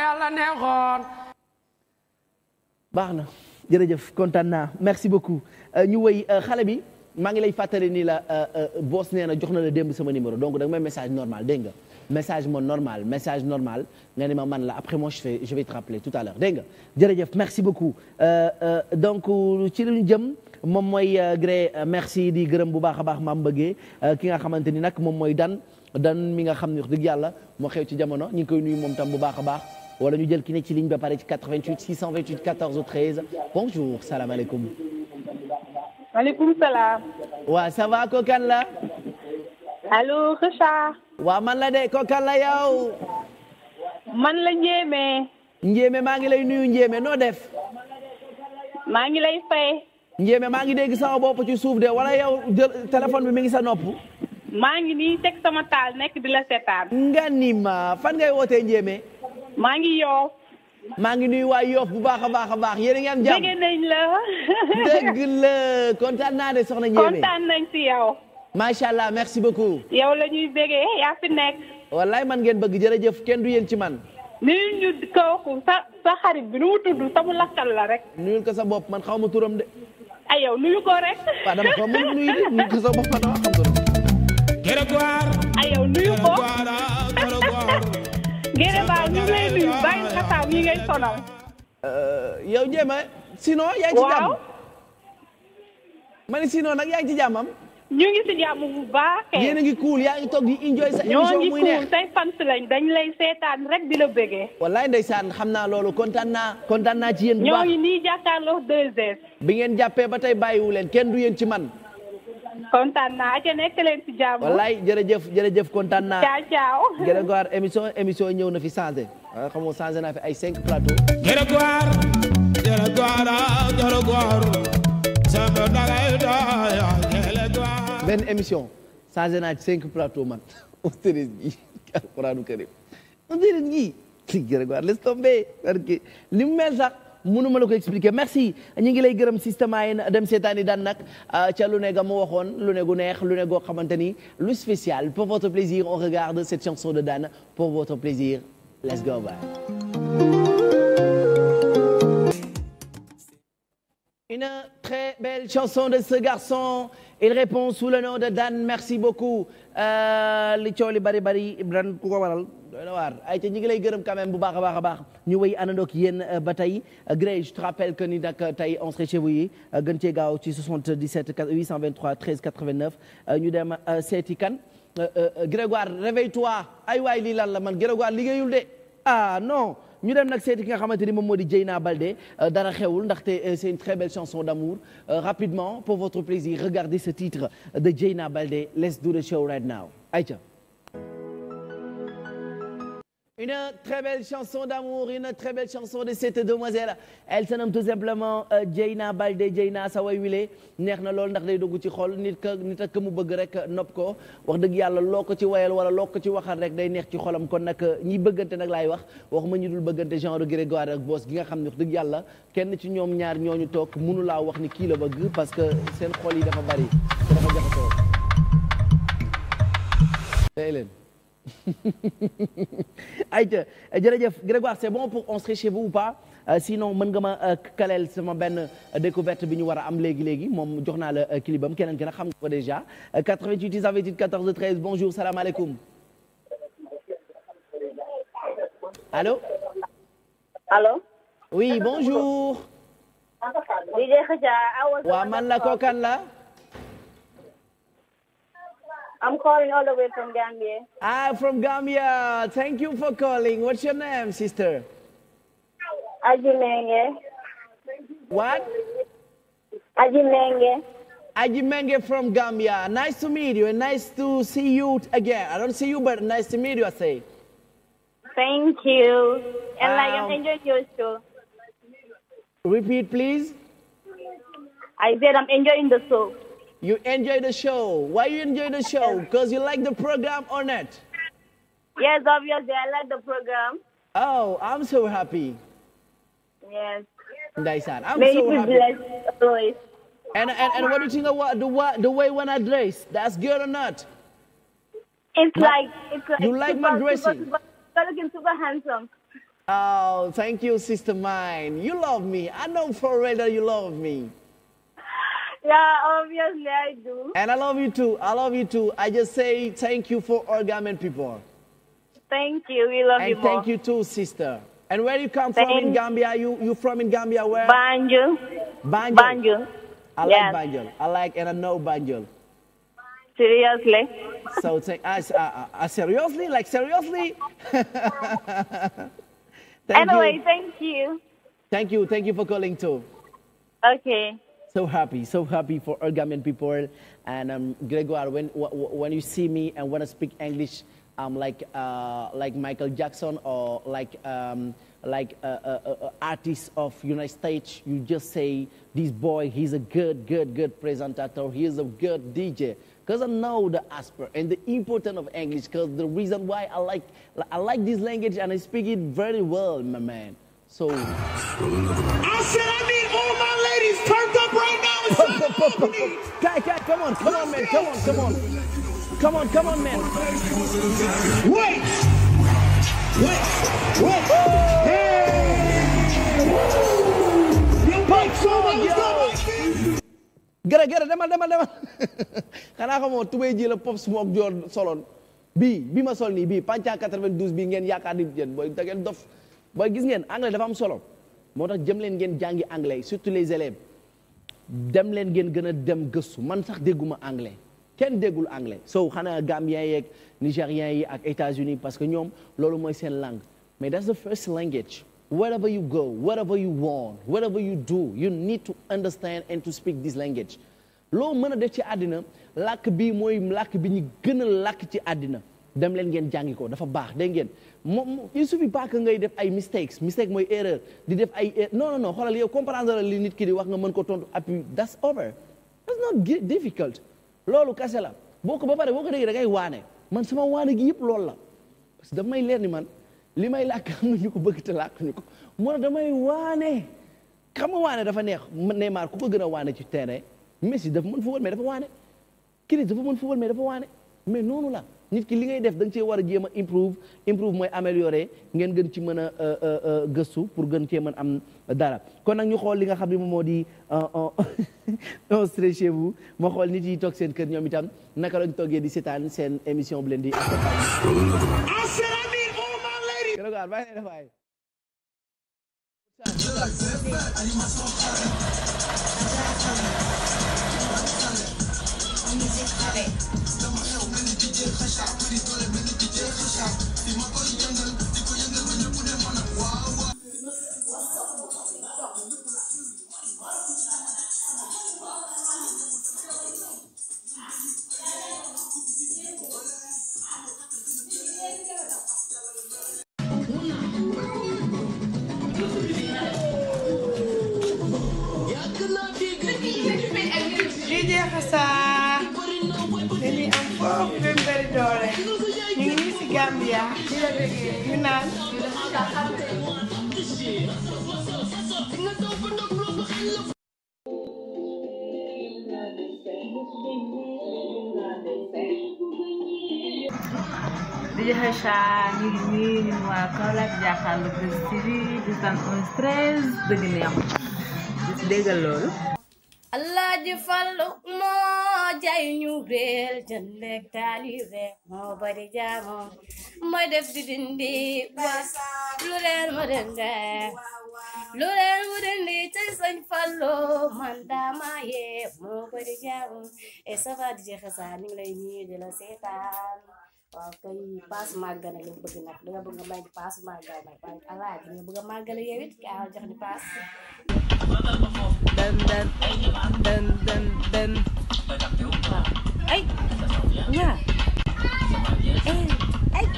baax na jërëjëf kontaan merci beaucoup euh, ñu way euh, xale bi maa ngi lay fàttali ni la euh, euh, boss nee na jox na la démb sama numéro donc da nga message normal dégg nga message ma normal message normal nga ne ma man la après mo je vais je vais te rappeler tout à l'heure dégg nga jërëjëf merci beaucoup euh, donc ci li ñu jëm moom mooy gré merci di gërëm bu baax a baax maam bëggee ki nga xamante ni nag moom mooy dan dan mi nga xam ne wax dëgg yàlla moo xew ci jamono ñu ngi koy nuyu moom tam bu baax a baax wala ñu jël ki ne ci ligne ba pare ci 88 628 14 13 salaamaaleykum maaleykum salaam. waaw ça ko kan la. allo Richard. waaw man la de ko kan la yow. man la Ndiémé. Ndiémé maa ngi lay nuyu Ndiémé noo def. maa ngi lay fay. Ndiémé maa ngi dégg sama bopp ci suuf de wala yow jël bi mi ngi sa nopp. maa ngi nii teg sama taal nekk di la seetaan. nga ni ma fan ngay wootee Ndiémé. maa ngi yow. maa ngi nuyu waa Yoff bu baax a baax a baax yéen a ngi am jàmm dégg nañ la. dégg la kontaan naa de soxna Ndiémé kontaan nañ ci yow. macha allah merci beaucoup. yow la ñuy bégee yaa fi nekk. wallaay man ngeen bëgg jëf kenn du yéen ci man. nuyul ñu kooku sa sa xarit bi nu mu tudd sa mu lakkal la rek. nuyul ko sa bopp man xaw ma turam de. ay yow nuyu ko rek. waaw dama ko mën nuyu de nuyu ko. Guédé Ba ñu ngi lay nuyu bàyyi xasaam yi ngay sonal. Euh, yow jéema sino waaw yaa ci jàmm. ma nag yaa ngi ci jàmmam. ñu ngi si jàmm bu baax. yéen a ngi cool yaa ngi toog di enjoy sa muy neex ñoo ngi dañ lay seetaan rek di la bëggee. wallaay ndeysaan xam naa loolu kontaan naa. kontaan naa ci yéen bu baax ñoo ngi nii jàkkaarloo 2 bi ngeen jàppee ba tey bàyyiwu leen kenn du yéen ci man. kontaan naa ca nekk leen si jàmm. wallaay jërëjëf jërëjëf kontaan naa. émission émission ñëw na fi changé ah, xam nga naa fi ay cinq plateau. Grégoire. Grégoire Grégoire. sama dangay doya benn émission changé naa ci cinq plateau man autorité gi alquranu karim autorité gi Grégoire laisse tomber parce que li mu mel mënuma la ko expliquer merci ñu ngi lay gërëm système ay dem seetaani daan nag ah, ca lu ne ga mu waxoon lu ne gu neex lu ne goo xamante ni lu spécial pour votre plaisir on regarde cette chanson de Dan pour votre plaisir let's go bye Une très belle chanson de ce garçon il répond sous le nom de Dan merci beaucoup euh, li coow li bari bari dan ku ko waral doy na waar ay ñu ngi lay gërëm quand même bu baax a baax a baax ñu wéy àndandoo ak yéen euh, ba tey euh, Grey je te rappelle que ni nag tey on serait chez vous yi gën cee gaaw ci 77 823 13 89 ñu dem seeti kan Grégoire réveille-toi ay waay li lan la man Grégoire liggéeyul de ah non ñu dem nag seeti ki nga xamante ni moom moo di Dieyna Baldé euh, dara xewul ndaxte euh, c'est une très belle chanson d'amour euh, rapidement pour votre plaisir regardez ce titre de Dieyna Baldé Let's do the show right now Aïcha Une très belle chanson d'amour, une très belle chanson de cette demoiselle. Elle se nomme tout simplement euh, Dieyna Baldé Dieyna naa way wile neex na lool ndax day dugg ci xol nit ka nit ak mu bëgg rek nopp ko wax dëgg yàlla loo ko ci wayal wala loo ko ci waxal rek day neex ci xolam kon nag euh, ñi bëggante nag laay wax wax ma dul bëggante genre Grégoire ak Boss gi nga xam ne wax dëgg yàlla kenn ci ñoom ñaar ñooñu toog mënu laa wax ni kii la bëgg parce que seen xol yi dafa bari dafa ayca jërëjëf Grégoire c'est bon pour on serait chez vous ou pas euh, sinon mën nga ma euh, kaleel sama benn euh, découverte bi ñu war a am léegi léegi moom jox naa la clipam keneen ki xam nga ko déjà 88 18 14 13 bonjour salaamaaleykum allo. allo. oui bonjour. di man la kookan la. am calling all the way ah, from Gambia. Thank you for calling. What's your name, sister? Ajimenge. What? Ajimenge. Ajimenge from Gambia. Nice to meet you and nice to see you again. I don't see you, but nice to meet you, I say. Thank you. And like, I'm um, enjoying your show. Repeat, please. I said I'm enjoying the show. You enjoy the show. Why you enjoy the show? Because you like the program or not? Yes, obviously, I like the program. Oh, I'm so happy. Yes. Ndeysaan, I'm May so happy. Blessed always. And, and, and what do you think about the, the way when I dress? That's good or not? It's Ma like, it's like. You like super, my dressing? Super, super, super, looking super handsome. Oh, thank you, Sister Mine. You love me. I know for real that you love me. yeah, obviously I do. And I love you too. I love you too. I just say thank you for all Gambian people. Thank you. We love and you. And thank more. you too, sister. And where you come thank from in Gambia? You you from in Gambia where? Banjul. Banjul. Banjul. I yes. like Banjul. I like and I know Banjul. Seriously. So thank I, I, I seriously like seriously. thank anyway, you. thank you. Thank you. Thank you for calling too. Okay. so happy, so happy for all Gambian people. And um, Gregoire, when, when you see me and when I speak English, I'm like, uh, like Michael Jackson or like, um, like uh uh, uh, uh, artist of United States. You just say, this boy, he's a good, good, good presenter. He's a good DJ. Because I know the aspect and the importance of English. Because the reason why I like, I like this language and I speak it very well, my man. So. Guy, guy, come on, come on, man, come on, a on. Come on, come on, man. Wait! Wait! Wait! Hey! Yo, Mike, so yo. bi ma sol nii bii panca 92 bii ngeen yaakaar di jën booy da ngeen dof booy gis ngeen anglais dafa am solo moo tax jëm leen ngeen jàngi anglais surtout les élèves dem leen ngeen gën a dem gëstu man sax dégguma anglais kenn déggul anglais so xanaa gambien yeeg nigérien yi ak états-unis parce que ñoom loolu mooy seen langue mais that's the first language wherever you go wherever you want wherever you do you need to understand and to speak this language loo mën a def ci àddina làkk bi mooy làkk bi ñu gën a làkk ci àddina dem leen ngeen jàngi ko dafa baax dégg ngeen moom il suffit ngay def ay mistakes mistake mooy erreur di def ay er-, non non non xoolal yow comprendre li nit ki di wax nga mën ko tontu appui that's over that's not difficult loolu kase la boo ko ba pare boo ko déggee ngay waane man sama waane gi yëpp loolu la parce que damay leer ni man li may làkk am na ñu ko bëgg te làkk ñu ko moo tax damay waane xam nga waane dafa neex Neymar ku ko gën a waane ci terrain Messi dafa mën football mais dafa waane Chris dafa mën football mais dafa waane mais noonu la nit ki li ngay def da nga cee war a jéem a improve improve mooy améliorer ngeen gën ci mën a euh, euh, euh, gëstu pour gën cee mën am dara kon nag ñu xool li nga xam ne moom moo di on stress ma xool nit yi toog seen kër ñoom itam naka lañ toggee di seetaan seen émission bu leen di accompagner Jidee Xassar waaw ñu leen bëri doole ñu ngi nii si Gambia ñu naan. di joxe saa ñu ngi nii ñun waa Kaolack jàkkaarloo Buzz TV di sant on stress dëgg neex di déggal loolu. Alaaji Fallu moom. jaay ñu réel jënd ak taalibe moo bari jaamo ma def di dindi was lu leer ma dende lu leer mu dende tey sañ fallo man daamaye moo bari jaamo e sava di je xasa ñu ngi lay ñii di la seetaan waaw kay paas màggal la bëgg nag nag waaye alaaj nga bëgg a màggal yow it kaa paas dan dan dan Ay! Nga! Ay! Ay!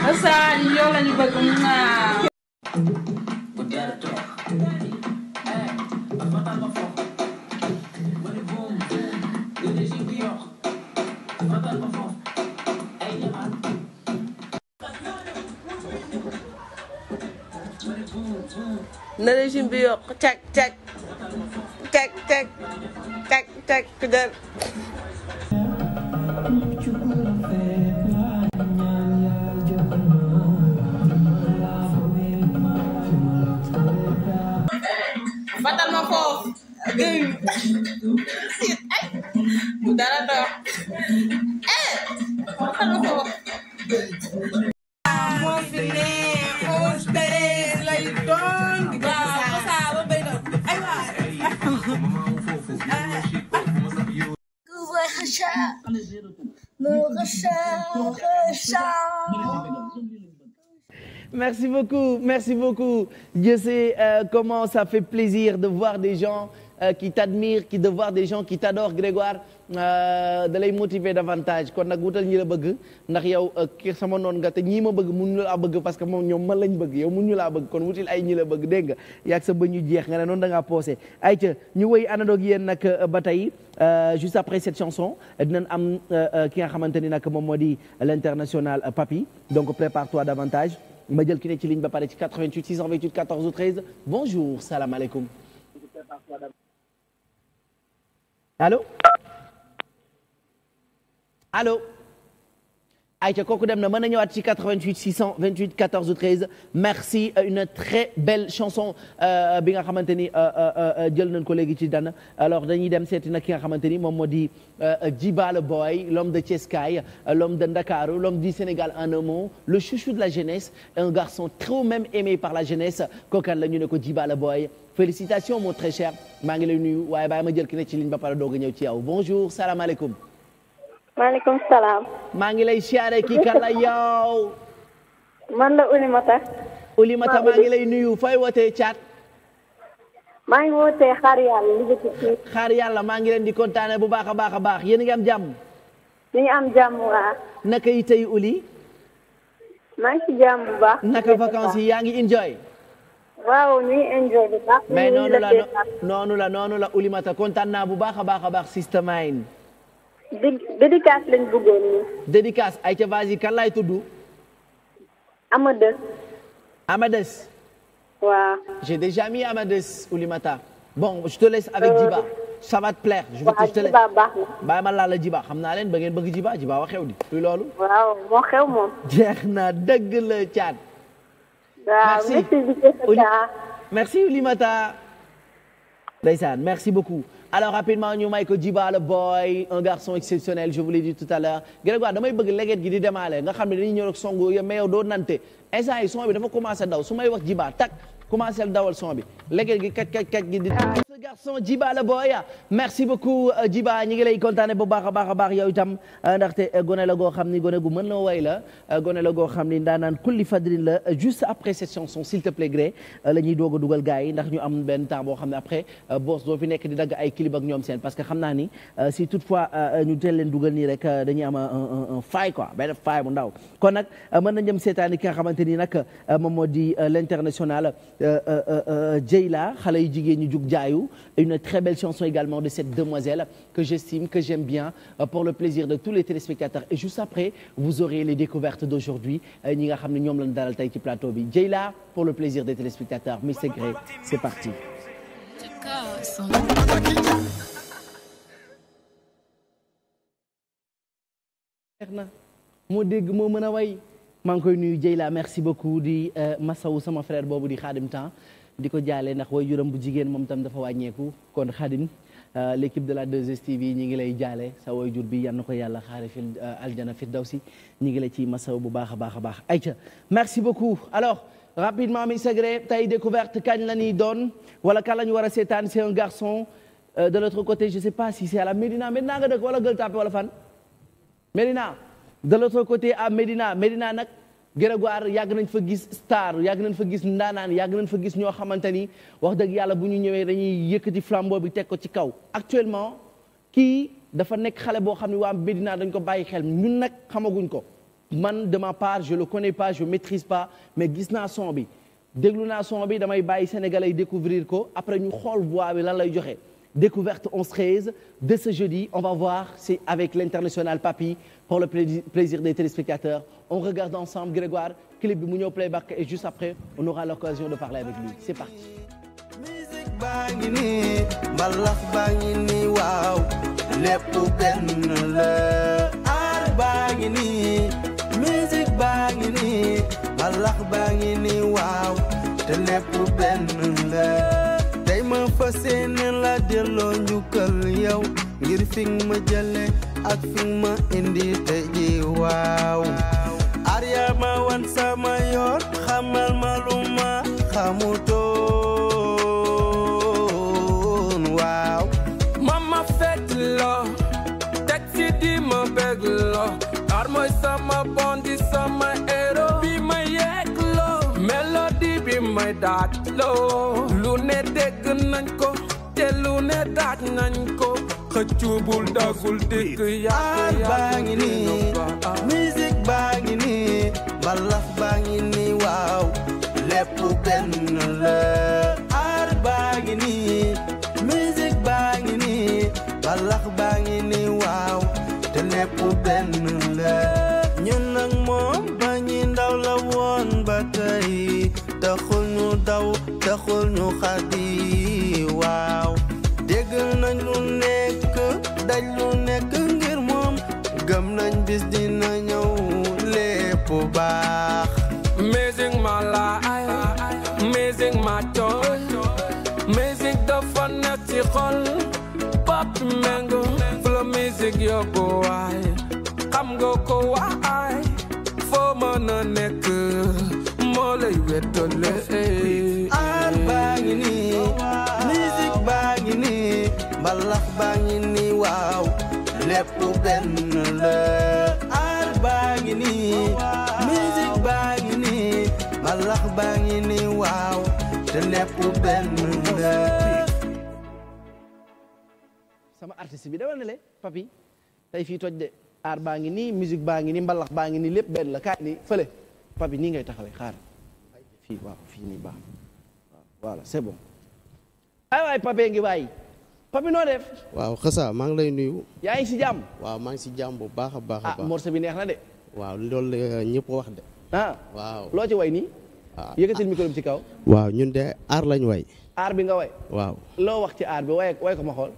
Asan, yow lañu bëgg régime bi yokk cek cek cek cek cek cek merci beaucoup merci beaucoup je sais euh, comment ça fait plaisir de voir des gens euh, qui t'admirent qui de voir des gens qui t'adorent Grégoire euh, da lay motiver davantage kon nag wutal ñi la bëgg ndax yow euh, ki sama noon nga te ñii ma bëgg mun ñu laa bëgg parce que moom ñoom man lañ bëgg yow mun ñu laa bëgg kon wutil ay ñi la bëgg dégg nga yaag sa bëñ ñu jeex nga ne noon da ngaa poosé ay ca ñu woy anadoog yéen nag euh, ba tey juste après cette chanson dinañ am ki nga xamante ni nag moom moo di l'international papi donc prépare-toi davantage ma jël ki ne ci ligne ba pare ci 88 628 14 ou 13 bonjour salaamaaleykum. allo. allo. ayca kooku dem na mën na ñëwaat ci 88 628 14 13 merci euh, une très belle chanson euh, bi nga xamante ni euh, jël nañ ko léegi ci dana alors dañuy dem seeti nag ki nga xamante ni moom moo di Djiba le Boy l'homme de Thiescaye l'homme de Ndakaaru l'homme du Sénégal en un mot le chouchou de la jeunesse un garçon trop même aimé par la ñu ne ko Djiba le Boy félicitations mon ngi lay nuyu waaye bàyyi ma jël ki ne ci ligne ba pare doog ñëw ci yow bonjour salaamaaleykum maaleykum salaam. maa ngi lay siyaare kii kan la man la Oulimata. Oulimata maa ngi lay nuyu fooy wootee caat. maa ngi wootee xaar yàlla maa ngi leen di kontaane bu baax a baax a baax yéen a ngi am jàmm. ñu ngi am jàmm waa. naka yi tey maa ngi ci jàmm bu baax. naka vacances yi yaa ngi enjoy. waaw ñu noonu la noonu la noonu la kontaan naa bu baax a baax a baax sister mine dédicace lañ bëggoon nii. dédicace ay ca vas yi kan laay tudd. Amades. Amades. waaw. j'ai déjà mis Amades Oulimata. bon je te laisse avec Djiba euh, ça va te plaire. je veux que je te laisse waaw Djiba baax na. bàyyi ma laal la Djiba xam naa leen ba ngeen bëgg Djiba Djiba wax xew di. luy loolu. waaw moo xew moom. jeex na dëgg la Thiat. waaw merci merci Oulimata. merci beaucoup. alors rapidement ñu may ko Djiba le boy un garçon exceptionnel je vous l'ai tout à l'heure Grégoire damay bëgg leget gi di démarrer nga xam ne dañuy ñëw rek songu yow mais yow doo nante instant yi son bi dafa commencé daw su may wax Djiba tak commencé dawal son bi léeg-léeg gi kaj kaj kaj gi di ce garçon Djiba la booya merci beaucoup euh, Djiba ñi ngi lay kontaane bu baax a baax a baax yow itam euh, ndaxte euh, gone la goo xam ni gone gu mën na way la gone la goo xam ni ndaanaan kulli fadrin la juste après cette chanson s'il te plaît gré la ñuy doog a dugal gars yi ndax ñu am benn temps boo xam ne après boss doo fi nekk di dagg ay clip ak ñoom seen parce que xam naa ni si toutefois ñu teel leen dugal nii rek dañuy am faay quoi benn faay bu ndaw kon nag mën na jëm seetaani ki nga xamante ni nag moom moo di l'international sëy la xale yu jigéen ñu jug jaayu une très belle chanson également de cette demoiselle que j'estime que j'aime bien euh, pour le plaisir de tous les téléspectateurs et juste après vous aurez les découvertes d'aujourd'hui euh, ñi nga xam ne ñoom lañu dalal tey ci plateau bi Dieyla pour le plaisir des téléspectateurs Miss Gré c'est parti moo dégg moo mën a way maa ngi koy nuyu Dieyla merci beaucoup di euh, masawu sama frère boobu di Khadim Temps di ko jaale ndax way juram bu jigéen moom tam dafa wàññeeku kon xadim euh, l' équipe de la 2STV ñi ngi lay jaale sa way jur bi yal na ko yàlla euh, aljana fi daw si lay ci masaw bu baax a baax a baax ayca merci beaucoup alors rapidement mi segré tey découverte kañ la ñuy doon wala kan la ñu war a seetaan c'est un garçon euh, de l'autre côté je sais pas si c'est à la Médina Médina nga dëkk wala Gueule wala fan Médina de l'autre côté à Médina Médina Grégoire yàgg nañ fa gis star yàgg nañ fa gis ndaanaan yàgg nañ fa gis ñoo xamante ni wax dëgg yàlla bu ñu ñëwee dañuy yëkkati flambeau bi teg ko ci kaw actuellement kii dafa nekk xale boo xam ne waa naa dañ ko bàyyi xel ñu nag xamaguñ ko man de ma part je le connais pa je maîtrise pas mais gis naa son bi déglu naa son bi damay bàyyi sénégalais yi découvrir ko après ñu xool voix bi lan lay joxe découverte 11 13 de ce jeudi on va voir si avec l'international Papy pour le plaisir des téléspectateurs. On regarde ensemble Grégoire, clip bi mu ñëw playback et juste après on aura l'occasion de parler avec lui. C'est parti. Musique baa ngi nii, mbalax baa ngi nii, waaw lépp benn la. Aar baa la. Tey ma fas yéene la delloo njukkal yow ngir ak fi ma indi tey ji waaw Aryaama wan sama yoon xamal ma lu ma xamutoon waaw mama fekk lo teg ci di ma bëgg lo ar mooy sama bondi sama héro bi ma yegg lo mélodie bi may daaj lo lu ne dégg nañ ko te lu ne daaj nañ ko xëccubul dagul dikk yaar baa ngi nii musique baa ngi nii balaf baa ngi nii waaw lépp benn la aar baa ngi nii musique baa ngi nii ndaw la woon ba tey daw taxul ñu xadi waaw bis dina ñëw lépp baax ma laay musique ma tooy musique dafa ne ci xol pop mengo flow musique yóbbu waay xam nga ko waay foo mën a nekk moo lay wéttale aar baa ngi nii musique baa ngi nii mbalax baa ngi nii sama artiste bi dama ne le papi fii toj de aar baa ngi nii musique baa ngi nii mbalax baa ngi nii lépp benn la kaay nii fële papi nii ngay taxawee xaar fii waaw ay waay papee ngi waay. papi noo def. waaw xasa maa ngi lay nuyu. yaa ngi si jàmm. waaw maa ngi si jàmm bu baax a baax a ah, baax. ah bi neex na de. waaw lool la ñëpp wax de. ah loo ci way nii. waaw ah. yëkkatil micro bi ci kaw. waaw ñun de aar lañ way. aar bi nga way. waaw loo wax ci aar bi way way ko ma xool.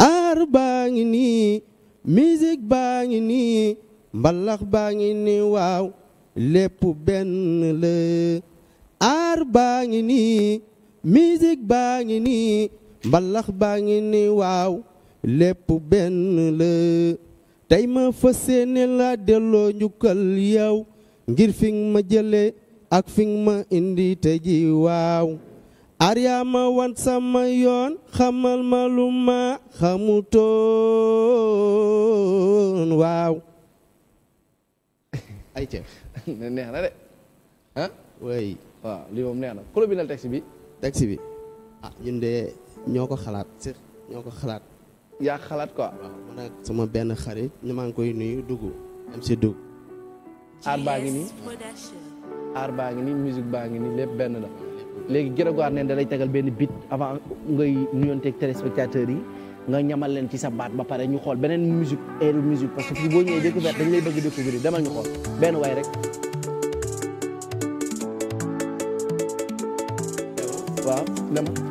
aar baa ngi nii musique baa ngi nii mbalax baa ngi nii waaw lépp benn la aar baa ngi nii baa ngi nii mbalax baa ngi nii waaw lépp benn la ma fas yéene la delloo njukkal yow. ngir fi nga ma jële ak fi ma indi te ji waaw aryaama wan sama yoon xamal ma lu ma xamutoon waaw ay ceeb neex na de ah way waaw lii moom neex na ku la bindal texte bi texte bi ah ñun de ñoo ko xalaat si ñoo ko xalaat yaa xalaat quoi waaw man sama benn xarit ñu maa ngi koy nuyu dugg am si dugg aar baa ngi nii aar baa ngi nii musique baa ngi nii lépp benn la léegi Grégoire neen da lay tegal benn bit avant ngay nuyonteeg téléspectateurs yi nga ñamal leen ci sa baat ba pare ñu xool beneen musique air musique parce que fii boo ñëwee découverte dañ lay bëgg découvrir demal ñu xool benn way rek waaw demal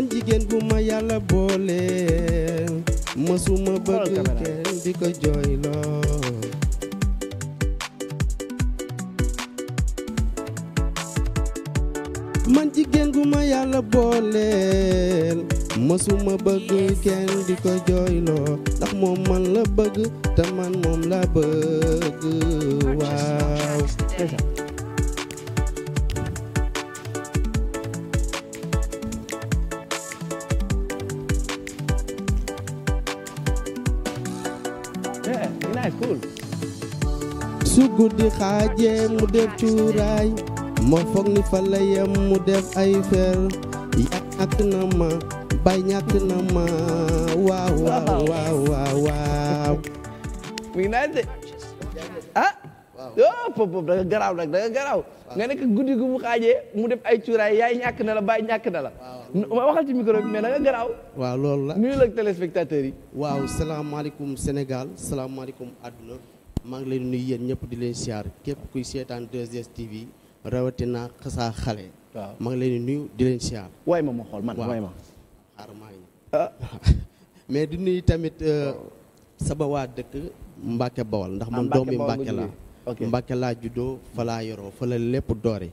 man jigéen bu ma yàlla booleel mësuma bëgg kenn di ko ma yàlla booleel mësuma bëgg kenn di ko jooyloo ndax moom man la bëgg te man moom la bëgg waaw guddi xaajee mu def cuuraay ma foog ni fa la yem mu def ay fer ñàkk na ma bay ñàkk na ma waaw waaw waaw waaw mi ngi naan de ah oh pop pop da la bay ñàkk na la ma waxal bi waaw loolu la nuyu la téléspectateurs yi waaw salaamaaleykum Sénégal salaamaaleykum àdduna maa ngi leen di nuyu yéen ñëpp di leen siyaar képp kuy seetaan 2S TV rawatina xasaa xale. waaw maa ngi leen di nuyu di leen siyaar. waay ma ma xool man waay ma. xaaral maa ngi ah. mais di nuyu tamit euh, saba waa dëkk Mbacke Bawol ndax man ah, doomi Mbacke laa. Mbacke laa juddoo fa laa yoroo fa lépp doore.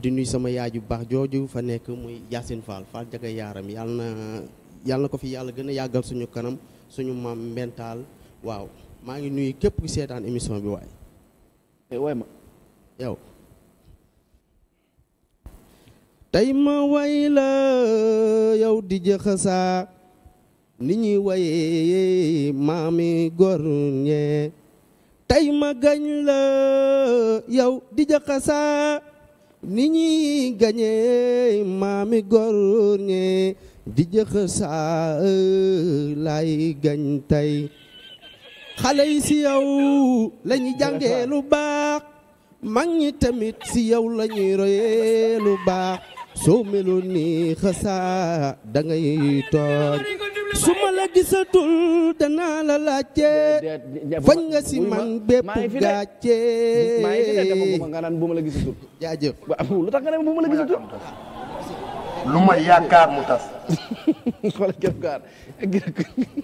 di nuy sama yaay ju baax jooju fa nekk muy Yacine Fall Fall jaga yaaram yàlla na yàlla na ko fi yàlla gën a yàggal suñu kanam suñu maam mbental waaw. maa ngi nuyu képp ku seetaan émission bi waaye. Eh, way ma yow. tey ma way la yow di jëxasaa ni ñuy wayee maami góor ñee tey ma gañ la yow di jëxasaa ni ñuy gañee maami góor ñee di jëxasaa lay gañ tey xale yi si yow ñuy jàngee lu baax mag ñi tamit si yow la ñuy royee lu baax soo meloon ni xasaa da ngay su ma la gisatul danaa la laajte fañ nga si man bépp gàcce lu tax nga ne bu ma la gisatul lu ma yaakaar mu tas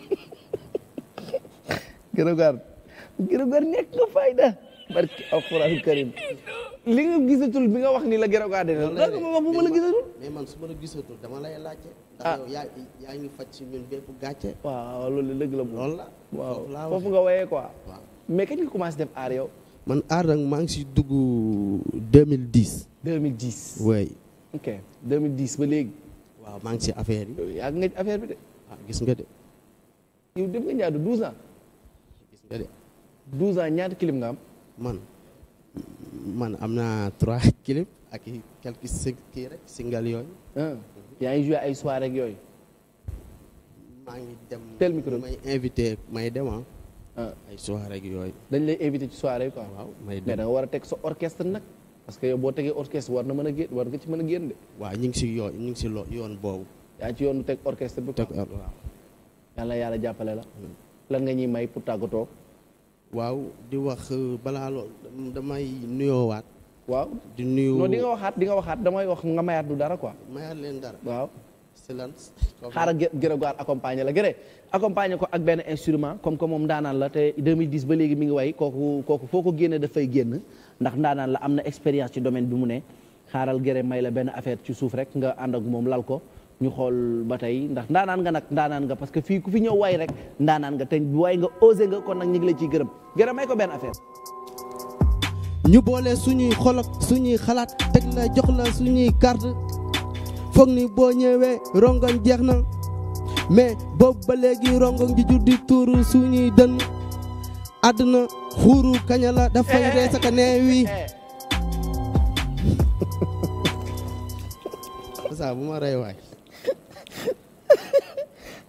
gërëm gaar gërëm gaar nekk nga fayda barki alquran karim li nga gisatul bi nga wax ni la gërëm gaar de la nga ma wax bu ma la gisatul mais man su ma gisatul dama lay laajte ndax ah. yow yaa yaa ngi faj ci ñun bépp gàcce waaw loolu la la loolu la waaw foofu nga wayee quoi waaw mais kañ nga commencé def aar yow man aar nag maa ngi si dugg 2010 2010 oui ok 2010 ba léegi waaw maa ngi si affaire yi yàgg affaire bi de waaw ah, gis nga de yow def nga ñaata 12 12 ans ñaata clip nga am. man man am naa 3 clip ak i quelques si kii rek single yooyu. Ah. yaa ngi joué ay soirée ak yooyu. maa ngi dem. tel micro may invité may dem ah. ah. ay soirée ak yooyu. dañ lay invité ci soirée yi quoi. waaw may dem mais da nga war a teg sa orchestre nag. parce que yow boo tegee orchestre war na mën a génn war nga ci mën a génn de. waaw ñu ngi si yoon ñu ngi si yoon boobu. yaa ci yoon teg orchestre bi. teg waaw. yàlla yàlla jàppale la. Mm. lan nga ñuy may pour tàggatoo. waaw di wax euh, balaa lool damay nuyoowaat. waaw di nuyu non di nga waxaat di nga waxaat damay wax nga mayaat du dara ko mayaat leen dara waaw. silence. xaaral gërë gaar accompagner la gërë accompagner ko ak benn instrument comme que moom ndaanaan la te 2010 ba léegi mi ngi way kooku kooku foo ko génne dafay génn ndax ndaanaan la am na expérience ci domaine bi mu ne xaaral gërë may la benn affaire ci suuf rek nga ànd ak moom lal ko. ñu xool ba tey ndax ndaanaan nga nag ndaanaan nga parce que fii ku fi ñëw waay rek ndaanaan nga te waay nga osé nga kon nag ñu ngi la ciy gërëm gërëm may ko benn affaire. ñu boole suñuy xol suñuy xalaat teg la jox la suñuy carte foog ni boo ñëwee rongoñ jeex na mais boobu ba léegi rongoñ ji jur di tuuru suñuy dënn àdduna xuuru kaña la dafay eh, eh, rees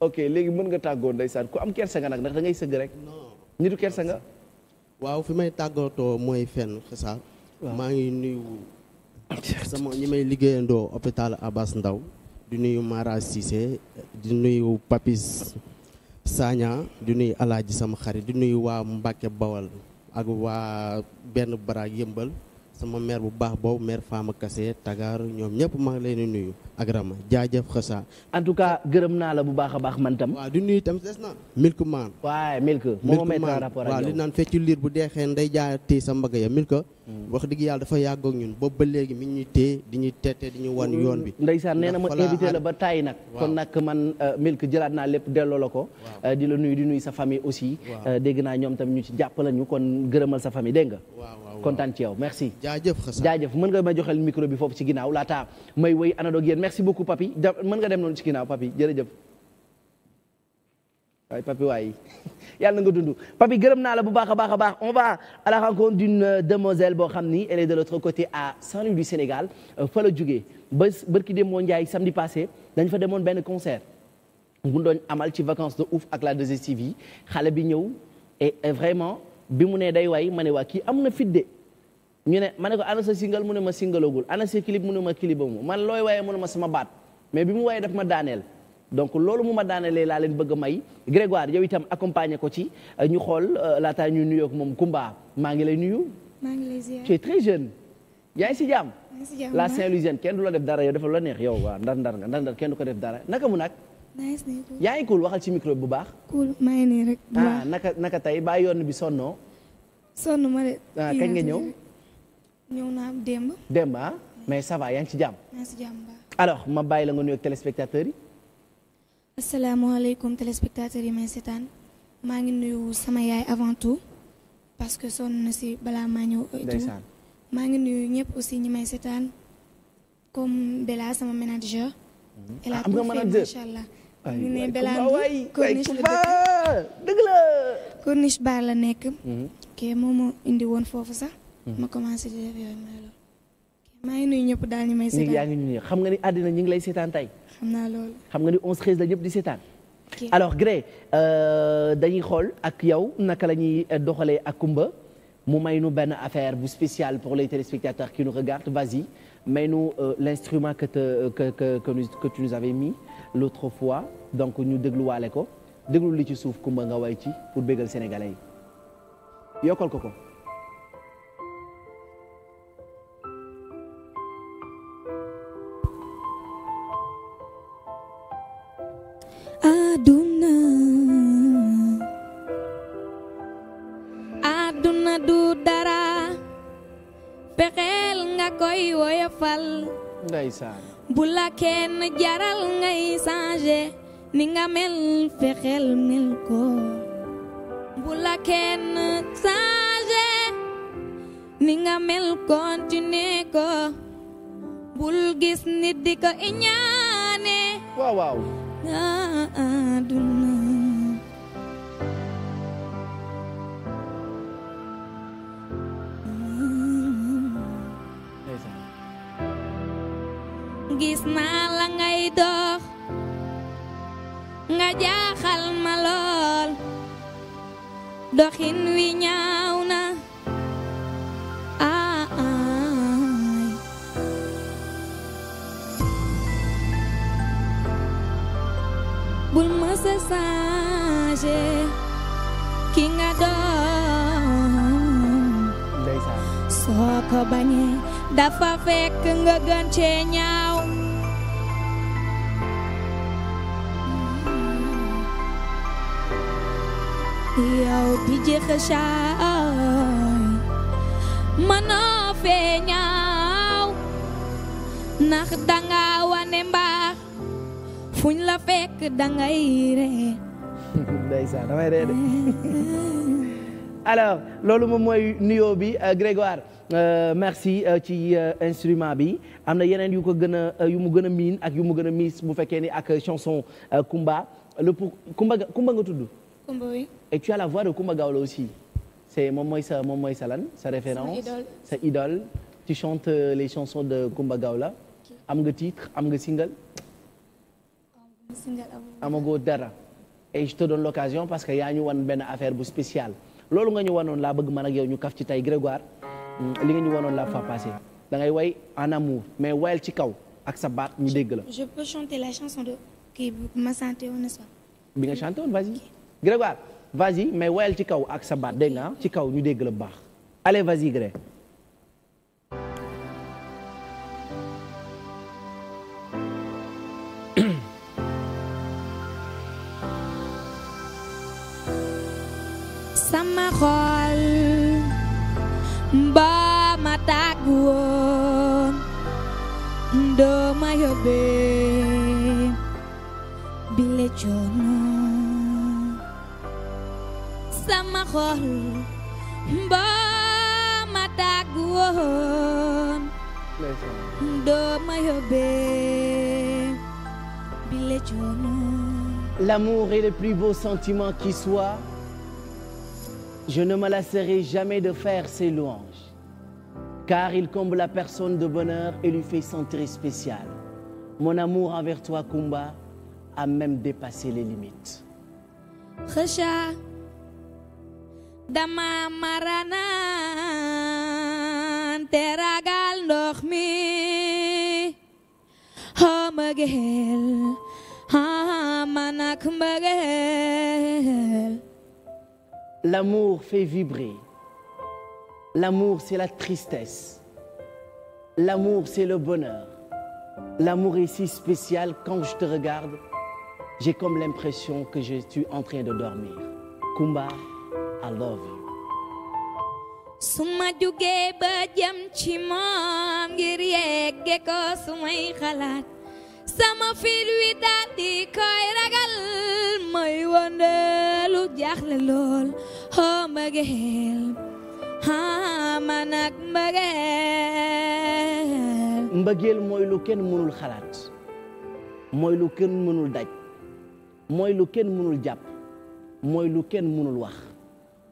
ok léegi mën nga tàggoo ndeysaan ku am kersa nga nag ndax da ngay sëgg rek. nitu kersa nga. waaw fi may tàggatoo mooy fenn xasaar. maa ngi nuyu. sama ñi may liggéeyandoo hôpital Abass ndaw di nuyu Mara di nuyu Papis Sagna di nuyu Alaaji sama xarit di nuyu waa Mbacke Bawal ak waa benn baraag yëmbal. sama maire bu baax boobu maire a kase Tagaar ñoom ñëpp maa ngi leen di nuyu ak Rama jaajëf xësa en tout cas gërëm naa la bu baax a baax man tam. waaw di nuyu tam des na. milk maan. waaw milk. moo ma mettre en rapport ak yow naan feccu liir bu deexee nday jaay tey sa mbagg ya milk. wax dëgg yàlla dafa yàggoog ñun boobu ba léegi mi ñuy téye di ñuy teete di ñu wan mm, yoon bi. ndeysaan nee na ma invité la ba tàyyi nag. kon nag man euh, milk jëlaat naa lépp delloo la ko. Euh, di la nuyu di nuyu sa famille aussi. Euh, dégg naa ñoom tam ñu ci jàppale ñu kon gërëmal sa famille dégg nga. kontaan ci yow merci. jaajëf xasaar jaajëf mën nga ma joxel micro bi foofu ci ginnaaw laata may wéy anadoog yéen merci beaucoup papi mën nga dem noonu ci ginnaaw papi jërëjëf waaye papi waay yàlla na nga dund papi gërëm naa la bu baax a baax a baax on va à la rencontre d'une euh, demoiselle boo xam ni elle est de l'autre côté à saint du Sénégal euh, fa la jógee ba bërki dem moo Ndiaye samedi passé dañ fa demoon benn concert bu doon amal ci vacances de ouf ak la 2STV yi xale bi ñëw et vraiment bi mu nee day waay ma ne waa kii am na fit de ñu ne ma ne ko ana sa single mu ne ma singleogul ana sa clip mu ne ma clipam man looy mu ne ma sama baat donc loolu mu ma daanalee laa leen bëgg a may Grégoire yow itam accompagner ko ci euh, ñu xool euh, laataa ñu nuyoog moom Kumba maa ngi lay nuyu. maa ngi lay ziar tu es très si jàmm. la Saint-Louisienne kenn du la def dara yow dafa la neex yow waa ndar ndar nga ndar ndar kenn du ko def dara naka mu nag. yaa ngi cool waxal ci micro bu baax. cool maa nii rek. Ah, naka naka tey baa yoon bi sonnoo. sonn ma de. ah kañ nga ñëw. ñëw naa démb. démb ah mais ça va yaa ngi ci jàmm. maa ngi si jàmm alors ma bàyyi la nga nuyoog téléspectateurs yi. asalaamaaleykum téléspectateurs yi may seetaan maa ngi nuyu sama yaay avant tout parce que son na si balaa maa ñëw. ndeysaan maa ngi nuyu ñëpp aussi ñi may seetaan comme Bella sama manager. Mhm. ah am nga manager macha la ah, dëgg mhm. indi woon foofu sax. ma mhm. commencé di def yooyu mooy loolu. maa ngi nuyu ñëpp daal ñu may seetaan ngi nuyu xam nga ni àddina ngi lay seetaan tey. xam xam nga ni 11 13 la ñëpp di seetaan. alors Gré euh, dañuy xool ak yow naka la ñuy euh, doxalee ak Kumba mu may nu benn affaire bu spéciale pour les téléspectateurs qui nous regardent vas-y may nu euh, l'instrument que te que que que tu nous avais mis l'autre fois donc ñu dégluwaale ko déglu li ci suuf Kumba nga way ci pour bégal sénégalais yi yokkal ko ko. bu la kenn jaral ngay changer ni nga mel fexeel mel ko bu la kenn changer ni nga mel continuer ko bul gis nit di ko iñaane waaw gis naa la ngay dox nga jaaxal ma lool doxin wi ñaaw na aay ah, ah. bul mësa changé ki nga doon soo ko bañee dafa fekk nga gën cee ñaaw yow bi jeexashaay mënoo fee ñaaw ndax danga wane mbaax fuñ la fekk dangay ree loolu moom mooy nuyoo bi euh, Grégoire euh, merci euh, ci instrument bi am na yeneen yu ko gën a yu mu gën a miin ak yu mu gën a miis bu fekkee ni ak chanson Kumba le pour Kumba Kumba nga tudd et tu as la voix de Coumba Gawlo aussi c'est moom mooy sa moom mooy sa sa référence sa idole tu chantes euh, les chansons de Coumba Gawlo am nga titre am nga single amagoo dara et je te donne l'occasion parce que yaa ñu wan benn affaire bu spéciale loolu nga ñu wanoon laa bëgg man ak yow ñu kaf ci tey Grégoire hmm, li nga ñu wanoon la fois passée da ngay way en amour mais wayal ci kaw ak sa baat ñu dégg la. je peux chanter la chanson de kii bi ma chanté woon n'est-ce pas. bi vas-y mais wayal ci kaw ak sa baat dégg nga ci kaw ñu dégg la baax allez vas-y Gré sama ma tàgg woon doo ma yóbbee bile coono sama xol boo ma dàgg woon doo ma yóbbee bile coono L'amour est le plus beau sentiment qui soit. Je ne me lasserai jamais de faire ses louanges, car il comble la personne de bonheur et lui fait sentir spécial. Mon amour envers toi, Kumba, a même dépassé les limites. dama maranaan te ragal ndox mi xoo l'amour fait vibrer l'amour c'est la tristesse l'amour c'est le bonheur l'amour est si spécial quand je te regarde j'ai comme l'impression que je suis en train de dormir Kumba I love su ma jugee ba jëm ci moom ngir yegge ko sumay xalaat sama fil wi daal di koy ragal mooy wondeelu jaaxle lool xoo mbëggeel ah man ak mbëggeel. mbëggeel mooy xalaat mooy lu kenn mënul daj mooy lu kenn mënul jàpp mooy lu mënul wax.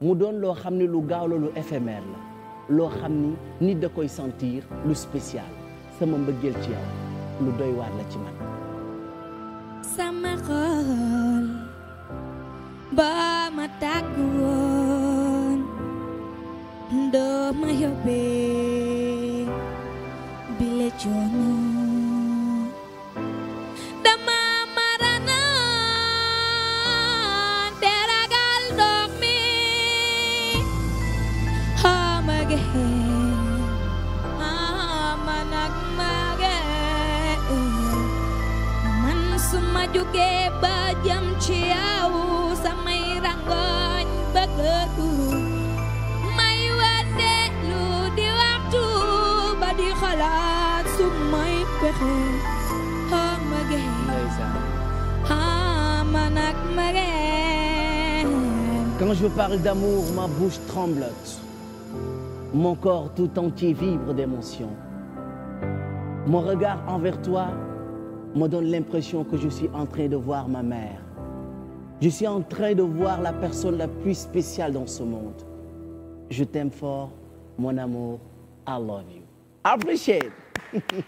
mu doon loo xam ni lu gaaw la lu éphémère la loo xam ni nit da koy sentir lu spécial sama mbëggeel ci yow lu doy waar la ci man sama xol ba ma tàgg woon doo ma yóbbee bile coono bëggu may wàdde lu Quand je parle d'amour, ma bouche tremblote. Mon corps tout entier vibre d'émotion. Mon regard envers toi me donne l'impression que je suis en train de voir ma mère. Je suis en train de voir la personne la plus spéciale dans ce monde. Je t'aime fort, mon amour. I love you. Appreciate.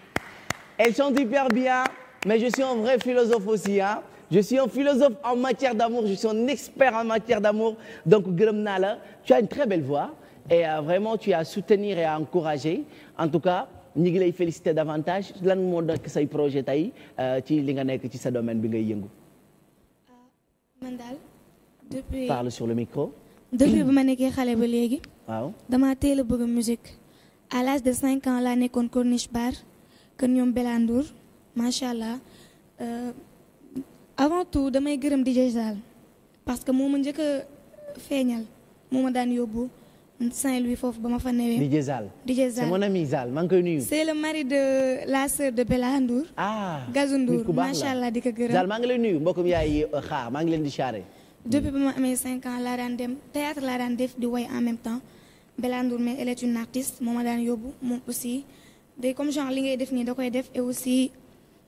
Elle chante hyper bien, mais je suis un vrai philosophe aussi, hein. Je suis un philosophe en matière d'amour, je suis un expert en matière d'amour. Donc gërëm naa la, tu as une très belle voix et euh, vraiment tu as à soutenir et à encourager. En tout cas, ñu ngi lay féliciter davantage. Lan moo nekk say projet tey euh, ci li nga nekk ci sa domaine bi ngay yëngu. man depuis parle ma nekkee xale ba léegi. waaw damaa teel a bëgg a musique. à l'âge de cinq ans laa nekkoon Corniche Bar kër ñoom Belandour macha allah euh, avant tout damay gërëm DJ Zal parce que moo ma njëkk feeñal moo ma daan yóbbu. Saint-Louis foofu ba ma fa newee. DJ Zal DJ Zal c'est mon ami Zal maa koy nuyu. c'est le mari de la sœur de Bella Ndour. ah Gazou Ndour macha allah di ko gërëm. Zal maa ngi lay nuyu mbokkum yaay euh, xaar maa ngi leen di charré. depuis ba ma amee 5 ans laa daan dem théâtre laa daan def di woy en même temps Bella Ndour mais elle est une artiste moo ma daan yóbbu moom aussi de comme genre li ngay def nii da koy def et aussi.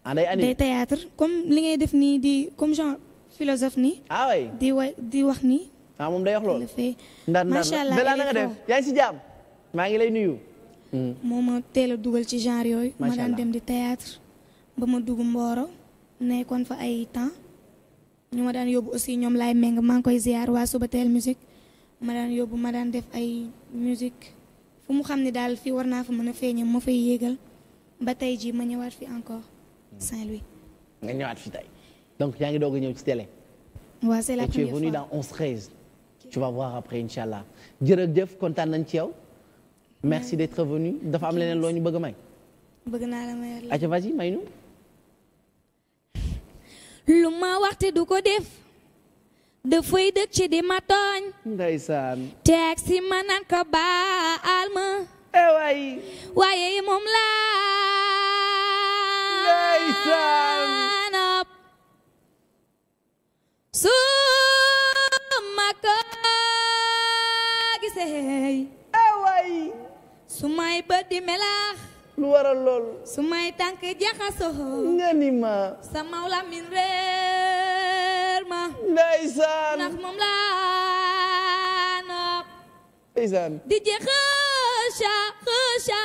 ah day théâtre comme li ngay def nii di comme genre philosophe nii. ah oui di di wax nii. ah moom day yox loolu. ndar ndar Bella na nga def yaa ngi si jàmm maa ngi lay nuyu. Hmm. moom ma teel a dugal ci genre yooyu. ma daan dem di théâtre ba ma dugg Mboro kon fa ay temps ñu ma daan yóbbu aussi ñoom laay méng maa ngi koy ziar waa Subatel musique ma daan yóbbu ma daan def ay musique fu mu xam ni daal fii war naa fa mën a feeñee ma fay yéegal ba tey jii ma ñëwaat fi encore Saint-Louis. nga ñëwaat fi yaa ngi doog a ñëw tu vas voir après incha allah jërëjëf kontaan ci yow. merci d'être venu dafa am leneen loo ñu bëgg may. bëgg naa la may la acca vas-y may nu. lu ma du ko def. dafay dëkk ci di tooñ. ndeysaan. si ma naan ko baal ma. eh waay. waaye moom laa. ma ko gisee ah su may bët melax lu waral lool su may tànk jaxasoo nga ni ma sama lamin reer ma ndeysaan ndax moom laa nopp ndeysaan di je xëca xëca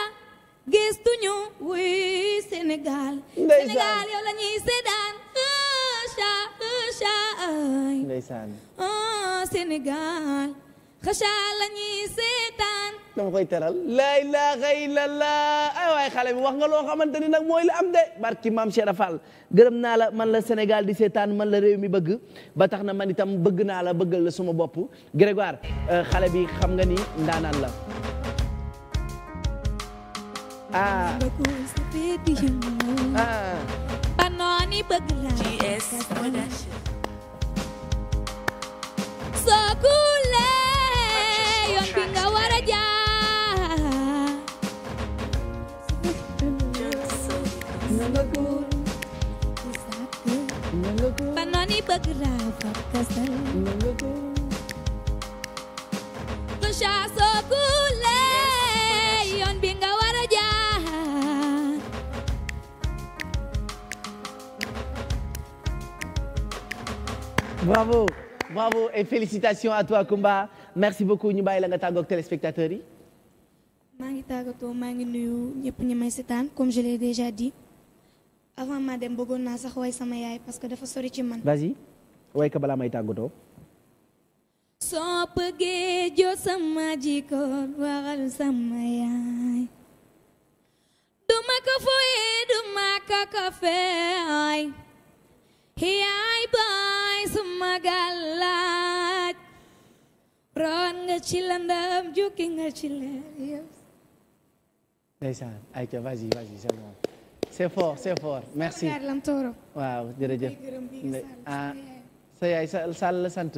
gis tuñu wuy Sénégal Sénégal yow la ñuy seedaan xacaa xacaa ay ndeysaan ah, Sénégal xacaa lañuy seetaan dama koy teral la ilaha illallah ay waay xale bi wax nga loo xamante ni nag mooy la am de barki maam Cheikh Fall gërëm naa la man la Sénégal di seetaan man la réew mi bëgg ba tax na man itam bëgg naa la bëggal la suma bopp Grégoire euh, xale bi xam nga ni ndaanaan la ah ah bëgg la GS Production soo kuulee yoon bi nga war a jaar ba noonu bëgg la bravo bravo et félicitations à toi Kumba merci beaucoup ñu bàyyi la nga tàggoog téléspectateurs yi. maa ngi tàggatoo maa ngi nuyu ñëpp ñi may seetaan comme je l'ai déjà dit avant ma dem bëggoon naa sax way sama yaay parce que dafa sori ci man. vas-y ka balaa may tàggatoo. sama gàllaaj rawaan nga ci lëndëm jukki nga ci leer yëpp ndeysaan ay ca vas-y vas-y c'est bon c'est fort c'est fort merci waaw jërëjëf ah sa yaay sàll la sant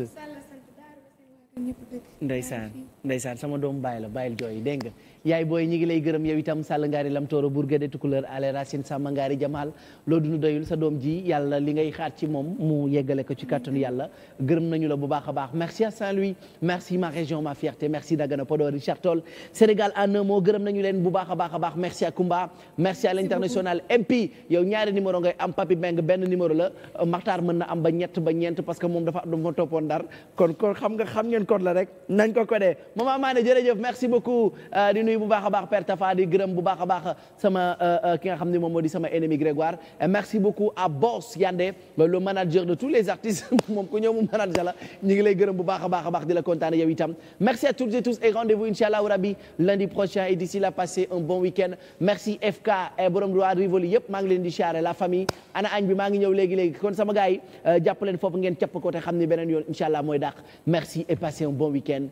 ndeysaan ndeysaan sama doom bàyyi la bàyyil jooy dégg nga yaay booy ñi ngi lay gërëm yow sàll ngaari lamtooro bourgade tukuleur ale racine sàmma ngaari jamaal loo duñu doyul sa doom ji yàlla li ngay xaar ci moom mu yeggale ko ci kàttanu yàlla gërëm nañu la bu baax a baax merci à Saint-Louis merci ma région ma fierté merci a baax a baax ñaari numéro ngay am Papi Beng benn numéro la Maxtaar mën na am ba ñett ba ñeent parce que moom dafa dafa toppoon ndar kon xam ngeen code la rek nañ ko codé bu baax a baax Père Tafa di gërëm bu baax a baax sama euh, euh, ki xam ne moom moo di sama ennemi Grégoire et merci beaucoup à Boss Yandé le manager de tous les artistes moom ku ñëw mu manager la ñu ngi lay gërëm bu baax a baax a baax di la kontaane yow itam merci à toutes et tous et rendez-vous inchallah rabi lundi prochain et d'ici là passez un bon week-end merci FK et borom droit Rivoli yëpp maa ngi leen di xaar la famille ana añ bi maa ngi ñëw léegi léegi kon sama gars yi euh, jàpp leen foofu ngeen capp ko te xam ne beneen yoon inchallah mooy dàq merci et passez un bon week-end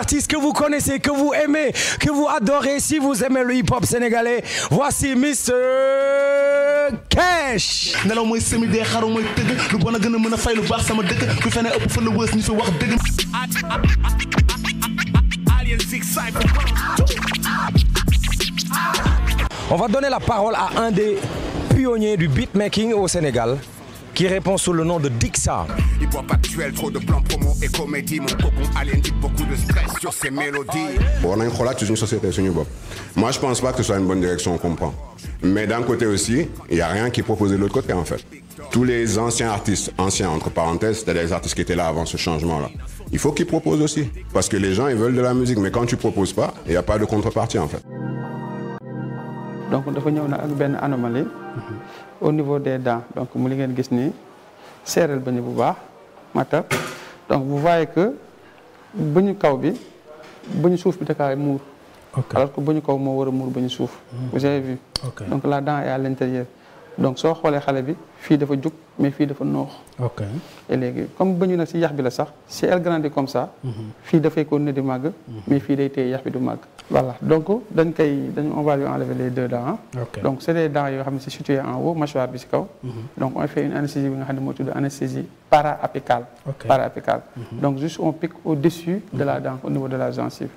artiste que vous connaissez, que vous aimez, que vous adorez. Si vous aimez le hip-hop sénégalais, voici Mr. Cash. nelaw mooy semi dee gën mën a fay lu baax sama dëkk la wës ñu la parole à un des pionniers du beatmaking au Sénégal. qui répond sous le nom de Dixa. Il boit pas de duel, trop de plans promo et comédie. Mon cocon alien dit beaucoup de stress sur ses mélodies. Bon, on a une relation une société sur Bob. Moi, je pense pas que ce soit une bonne direction, on comprend. Mais d'un côté aussi, il n'y a rien qui est proposé de l'autre côté, en fait. Tous les anciens artistes, anciens entre parenthèses, c'est-à-dire les artistes qui étaient là avant ce changement-là, il faut qu'ils proposent aussi. Parce que les gens, ils veulent de la musique. Mais quand tu proposes pas, il n'y a pas de contrepartie, en fait. donc dafa ñëw na ak benn anomalie mhm. au niveau des dents donc mu li ngeen gis nii seeral ba bu baax matta donc vous voyez que ba kaw bi ba suuf bi dakaay muur alors que ba ñu kaw moo war a muur ba ñu suuf hmm. vous avez vu donc la dent est à l'intérieur donc soo xoolee xale bi fii dafa jug mais fii dafa noox. ok et léegi comme ba ñu nag si yax la sax si elle grandit comme ça. Mhm. fii dafay continuer di màgg. Mhm. mais fii day téye yax bi du màgg. voilà donc dañ koy dañu on va lui deux dents. donc c' est des yoo xam ne c'est situé en haut mâchoire bi mhm. donc on fait une anesthésie bi nga xam ne moo tudd anesthésie para apicale. donc juste on pique au dessus de la dent au niveau de la gencive.